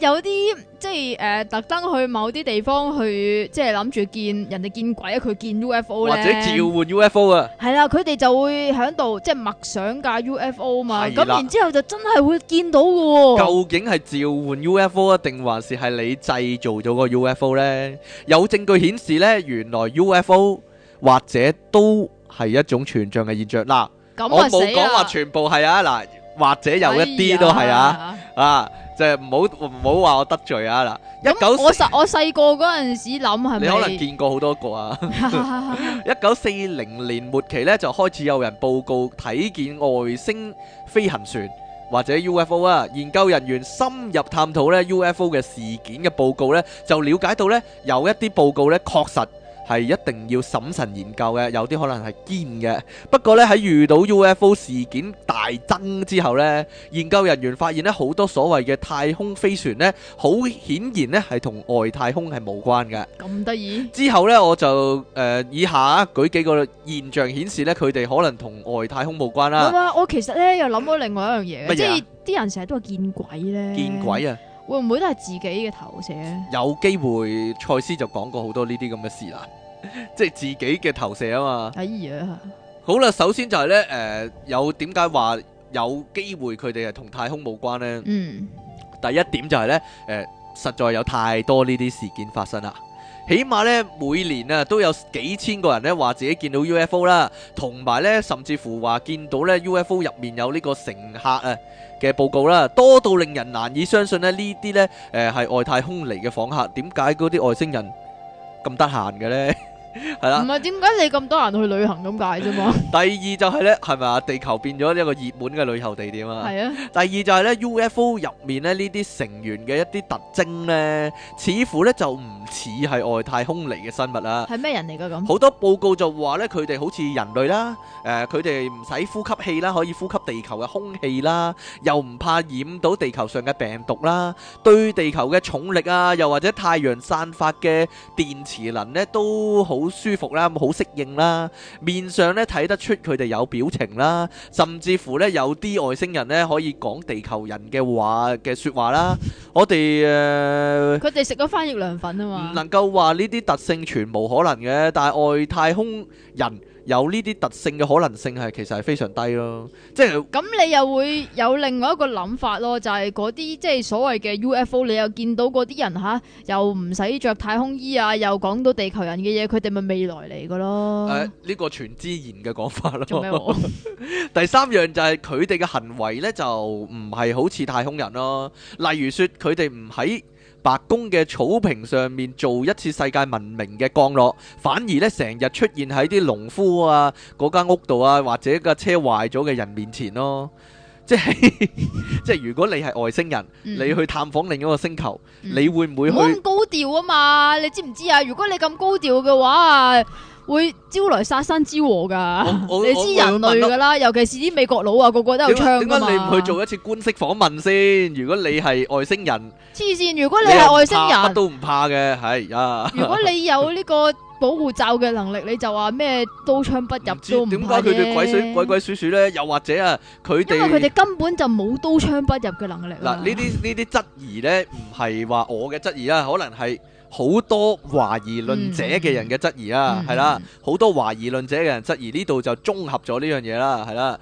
A: 有啲即係誒，特登去某啲地方去，即係諗住見人哋見鬼啊！佢見 UFO 咧，或者召
B: 喚 UFO 啊？
A: 係啦，佢哋就會響度即係默想架 UFO 嘛。係啦。咁然之後就真係會見到嘅喎。究
B: 竟係召喚 UFO 啊，定還是係你製造咗個 UFO 咧？有證據顯示咧，原來 UFO 或者都。係一種全像嘅現象啦，樣我冇講話全部係啊，嗱，或者有一啲都係啊，是啊，就係唔好唔好話我得罪啊嗱。咁、嗯、我實
A: 我細個嗰陣時諗係咪你可能見
B: 過好多個啊。 <laughs> <laughs> 一九四零年末期呢，就開始有人報告睇見外星飛行船或者 UFO 啊。研究人員深入探討呢 UFO 嘅事件嘅報告呢，就了解到呢，有一啲報告呢確實係一定要審慎研究嘅，有啲可能係堅嘅。不過呢，喺遇到 UFO 事件大增之後呢，研究人員發現呢，好多所謂嘅太空飛船呢，好顯然呢係同外太空係無關嘅。
A: 咁得意？之
B: 後呢，我就誒、呃、以下舉幾個現象顯示呢，佢哋可能同外太空無關啦。
A: 我其實呢，又諗到另外一樣嘢麼即係啲人成日都話見鬼呢。見鬼啊！會唔會都係自己嘅投射？
B: 有機會，賽斯就講過好多呢啲咁嘅事啦， <laughs> 即係自己嘅投射啊嘛。哎呀，好啦，首先就係、是、呢，誒、呃，有點解話有機會佢哋係同太空冇關呢？嗯，第一點就係、是、呢，誒、呃，實在有太多呢啲事件發生啦。起碼咧每年啊都有幾千個人咧話自己見到 UFO 啦，同埋咧甚至乎話見到咧 UFO 入面有呢個乘客啊嘅報告啦，多到令人難以相信咧，呢啲咧誒係外太空嚟嘅訪客。點解嗰啲外星人咁得閒嘅呢？係啦，
A: 唔係點解你咁多人去旅行咁解啫嘛？ <laughs>
B: 第二就係、是、咧，係咪啊？地球變咗一個熱門嘅旅遊地點啊！係啊，第二就係、是、咧 UFO 入面咧呢啲成員嘅一啲特徵咧，似乎咧就唔似係外太空嚟嘅生物啦。係
A: 咩人嚟㗎咁？好
B: 多報告就話咧，佢哋好似人類啦，誒、呃，佢哋唔使呼吸器啦，可以呼吸地球嘅空氣啦，又唔怕染到地球上嘅病毒啦，對地球嘅重力啊，又或者太陽散發嘅電磁能咧，都好。好舒服啦，咁好適應啦，面上咧睇得出佢哋有表情啦，甚至乎咧有啲外星人咧可以講地球人嘅話嘅説話啦，我哋誒，佢
A: 哋食咗翻譯涼粉啊嘛，唔
B: 能夠話呢啲特性全無可能嘅，但係外太空人。有呢啲特性嘅可能性係其實係非常低咯。即係
A: 咁、嗯，你又會有另外一個諗法咯，就係嗰啲即係所謂嘅 UFO，你又見到嗰啲人吓，又唔使着太空衣啊，又講到地球人嘅嘢，佢哋咪未來嚟噶咯？誒、呃，呢、
B: 呢個全自然嘅講法咯。做咩？ <laughs> 第三樣就係佢哋嘅行為呢，就唔係好似太空人咯。例如說，佢哋唔喺。白宮嘅草坪上面做一次世界文明嘅降落，反而咧，成日出現喺啲農夫啊嗰間屋度啊，或者架車壞咗嘅人面前咯。即係 <laughs> 即係，如果你係外星人，嗯、你去探訪另一個星球，嗯、你會唔會好
A: 高調啊？嘛，你知唔知啊？如果你咁高調嘅話啊，會招來殺身之禍噶， <laughs> 你知人類噶啦，尤其是啲美國佬啊，個個都有槍噶嘛。點解你唔去做
B: 一次官式訪問先？如果你係外星人，
A: 黐線！如果你係外星人，乜都唔
B: 怕嘅，係啊。如果你
A: 有呢個保護罩嘅能力， <laughs> 你就話咩刀槍不入都唔怕咧。點解佢哋鬼鬼
B: 鬼祟祟咧？又或者啊，佢哋因為佢哋
A: 根本就冇刀槍不入嘅能力。嗱，質
B: 疑呢啲呢啲質疑咧，唔係話我嘅質疑啦，可能係。好多懷疑論者嘅人嘅質疑啦、啊，係啦、嗯，好、啊、多懷疑論者嘅人質疑呢度就綜合咗呢樣嘢啦，係啦、啊。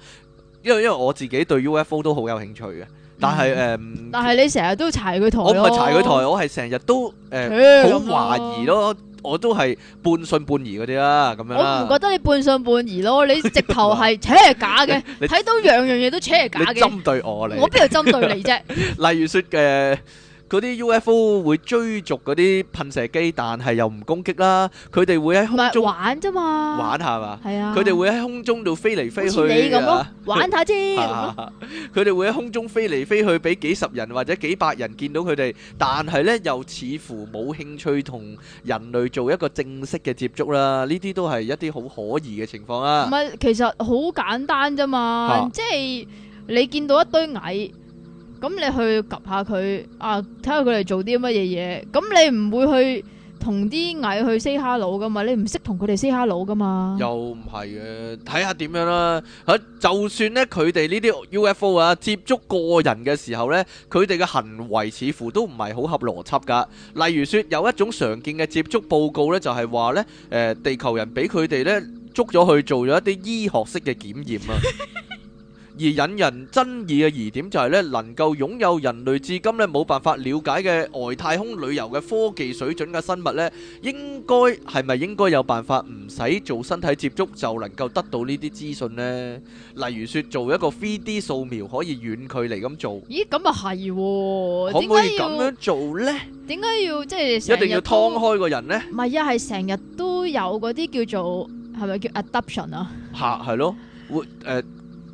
B: 因為因為我自己對 UFO 都好有興趣嘅，但係誒，嗯嗯、
A: 但係你成日都踩佢台，我唔係踩佢台，
B: 嗯、我係成日都誒好懷疑咯，我都係半信半疑嗰啲啦，咁樣。我唔覺
A: 得你半信半疑咯，你直頭係扯係假嘅，睇 <laughs> 到樣樣嘢都扯係假嘅。針 <laughs>
B: 對我嚟、啊，我邊度針對你啫？例如說嘅。呃嗰啲 UFO 會追逐嗰啲噴射機，但係又唔攻擊啦。佢哋會喺空
A: 中唔係玩啫嘛，玩
B: 下嘛。係啊，佢哋會喺空中度飛嚟飛去。似你咁咯，玩下先。佢哋會喺空中飛嚟飛去，俾幾十人或者幾百人見到佢哋，但係咧又似乎冇興趣同人類做一個正式嘅接觸啦。呢啲都係一啲好可疑嘅情況啦。唔
A: 係，其實好簡單啫嘛，即係你見到一堆蟻。咁你去 𥄫 下佢啊，睇下佢哋做啲乜嘢嘢？咁你唔會去同啲蟻去 say hello 噶嘛？你唔識同佢哋 say hello 噶嘛？
B: 又唔係嘅，睇下點樣啦。吓，就算咧，佢哋呢啲 UFO 啊，接觸個人嘅時候咧，佢哋嘅行為似乎都唔係好合邏輯噶。例如說，有一種常見嘅接觸報告咧，就係話咧，誒，地球人俾佢哋咧捉咗去做咗一啲醫學式嘅檢驗啊。而引人爭議嘅疑點就係咧，能夠擁有人類至今咧冇辦法瞭解嘅外太空旅遊嘅科技水準嘅生物咧，應該係咪應該有辦法唔使做身體接觸，就能夠得到呢啲資訊呢？例如說，做一個 3D 掃描可以遠距離咁做。
A: 咦，咁啊係，可唔可以咁樣做呢？點解要即係？一定要劏
B: 開個人呢？
A: 唔係啊，係成日都有嗰啲叫做係咪叫 adoption 啊？
B: 嚇，係咯，會誒。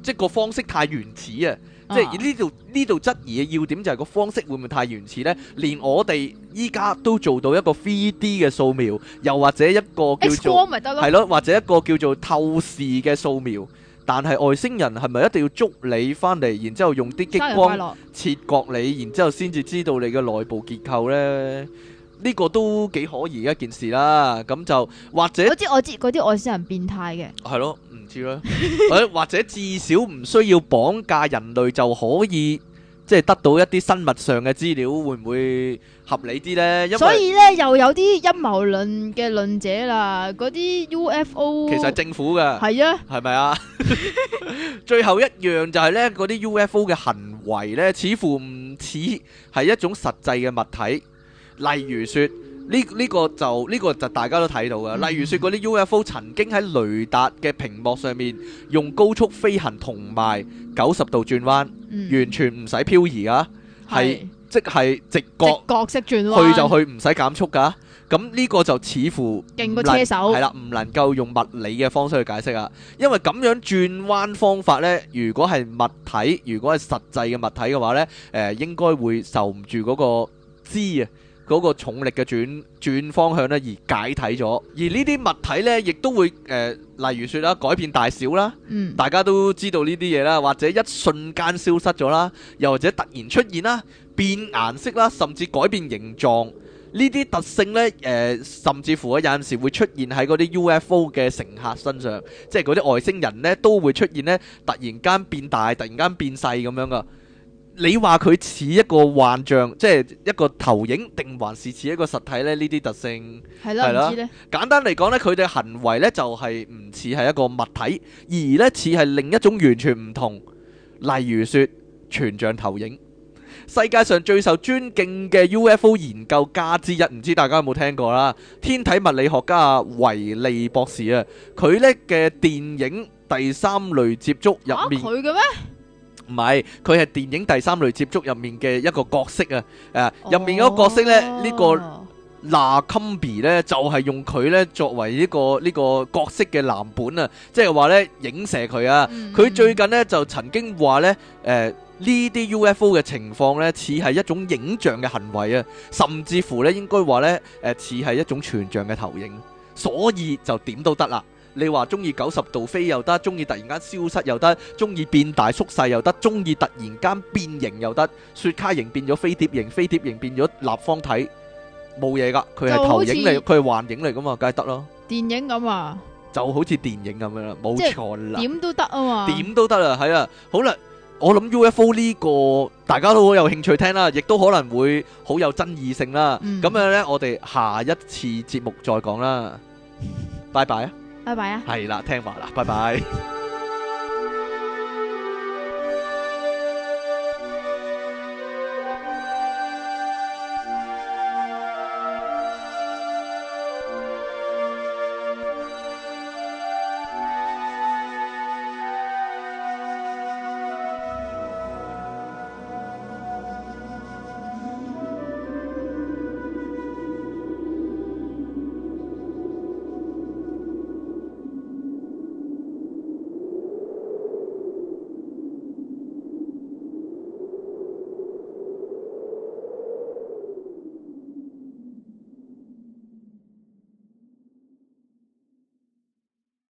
B: 即個方式太原始啊！即係呢度呢度質疑嘅要點就係個方式會唔會太原始呢？連我哋依家都做到一個 3D 嘅掃描，又或者一個叫做係 X 4 咯，或者一個叫做透視嘅掃描。但係外星人係咪一定要捉你翻嚟，然之後用啲激光切割你，然之後先至知道你嘅內部結構呢？呢、呢個都幾可疑嘅一件事啦。咁就或者嗰啲外接嗰啲外星人
A: 變態嘅
B: 係咯。知啦，或者至少唔需要綁架人類就可以即係得到一啲生物上嘅資料，會唔會合理啲呢？所以呢
A: 又有啲陰謀論嘅論者啦，嗰啲 UFO 其實係
B: 政府噶，係啊，係咪啊？最後一樣就係呢，嗰啲 UFO 嘅行為呢，似乎唔似係一種實際嘅物體，例如說。呢呢、呢個就呢、呢個就大家都睇到嘅，嗯、例如説嗰啲 UFO 曾經喺雷達嘅屏幕上面用高速飛行同埋九十度轉彎，嗯、完全唔使漂移啊，係即係直角直
A: 角式轉彎去就去
B: 唔使減速噶、啊。咁呢個就似乎勁過車手係啦，唔能夠用物理嘅方式去解釋啊。因為咁樣轉彎方法呢，如果係物體，如果係實際嘅物體嘅話呢，誒、呃、應該會受唔住嗰個 G 啊。嗰個重力嘅轉轉方向咧，而解體咗。而呢啲物體呢亦都會誒、呃，例如説啦，改變大小啦，嗯，大家都知道呢啲嘢啦，或者一瞬間消失咗啦，又或者突然出現啦，變顏色啦，甚至改變形狀呢啲特性呢，誒、呃，甚至乎有陣時會出現喺嗰啲 UFO 嘅乘客身上，即係嗰啲外星人呢都會出現呢，突然間變大，突然間變細咁樣噶。你話佢似一個幻象，即係一個投影，定還是似一個實體呢？呢啲特性係咯，唔知呢？簡單嚟講呢，佢哋行為呢就係唔似係一個物體，而呢似係另一種完全唔同。例如說，全像投影。世界上最受尊敬嘅 UFO 研究家之一，唔知大家有冇聽過啦？天體物理學家維利博士啊，佢呢嘅電影《第三類接觸》入面，啊唔係，佢係電影第三類接觸入面嘅一個角色啊！誒、啊，入面個角色咧，哦、個呢個拉康比咧，就係、是、用佢咧作為呢、這個呢、這個角色嘅藍本啊！即係話咧影射佢啊！佢、嗯、最近咧就曾經話咧，誒、呃、呢啲 UFO 嘅情況咧似係一種影像嘅行為啊，甚至乎咧應該話咧，誒、呃、似係一種全像嘅投影，所以就點都得啦。你話中意九十度飛又得，中意突然間消失又得，中意變大縮細又得，中意突然間變形又得，雪卡型變咗飛碟型，飛碟型變咗立方體，冇嘢噶，佢係投影嚟，佢係幻影嚟噶嘛，梗係得咯。
A: 電影咁啊，
B: 就好似電影咁樣啦，冇錯啦，點
A: 都得啊嘛，點
B: 都得啦，係啊，好啦，我諗 UFO 呢個大家都好有興趣聽啦，亦都可能會好有爭議性啦，咁樣呢，我哋下一次節目再講啦，拜拜啊！拜拜啊！係啦，聽話啦，拜拜。 <laughs>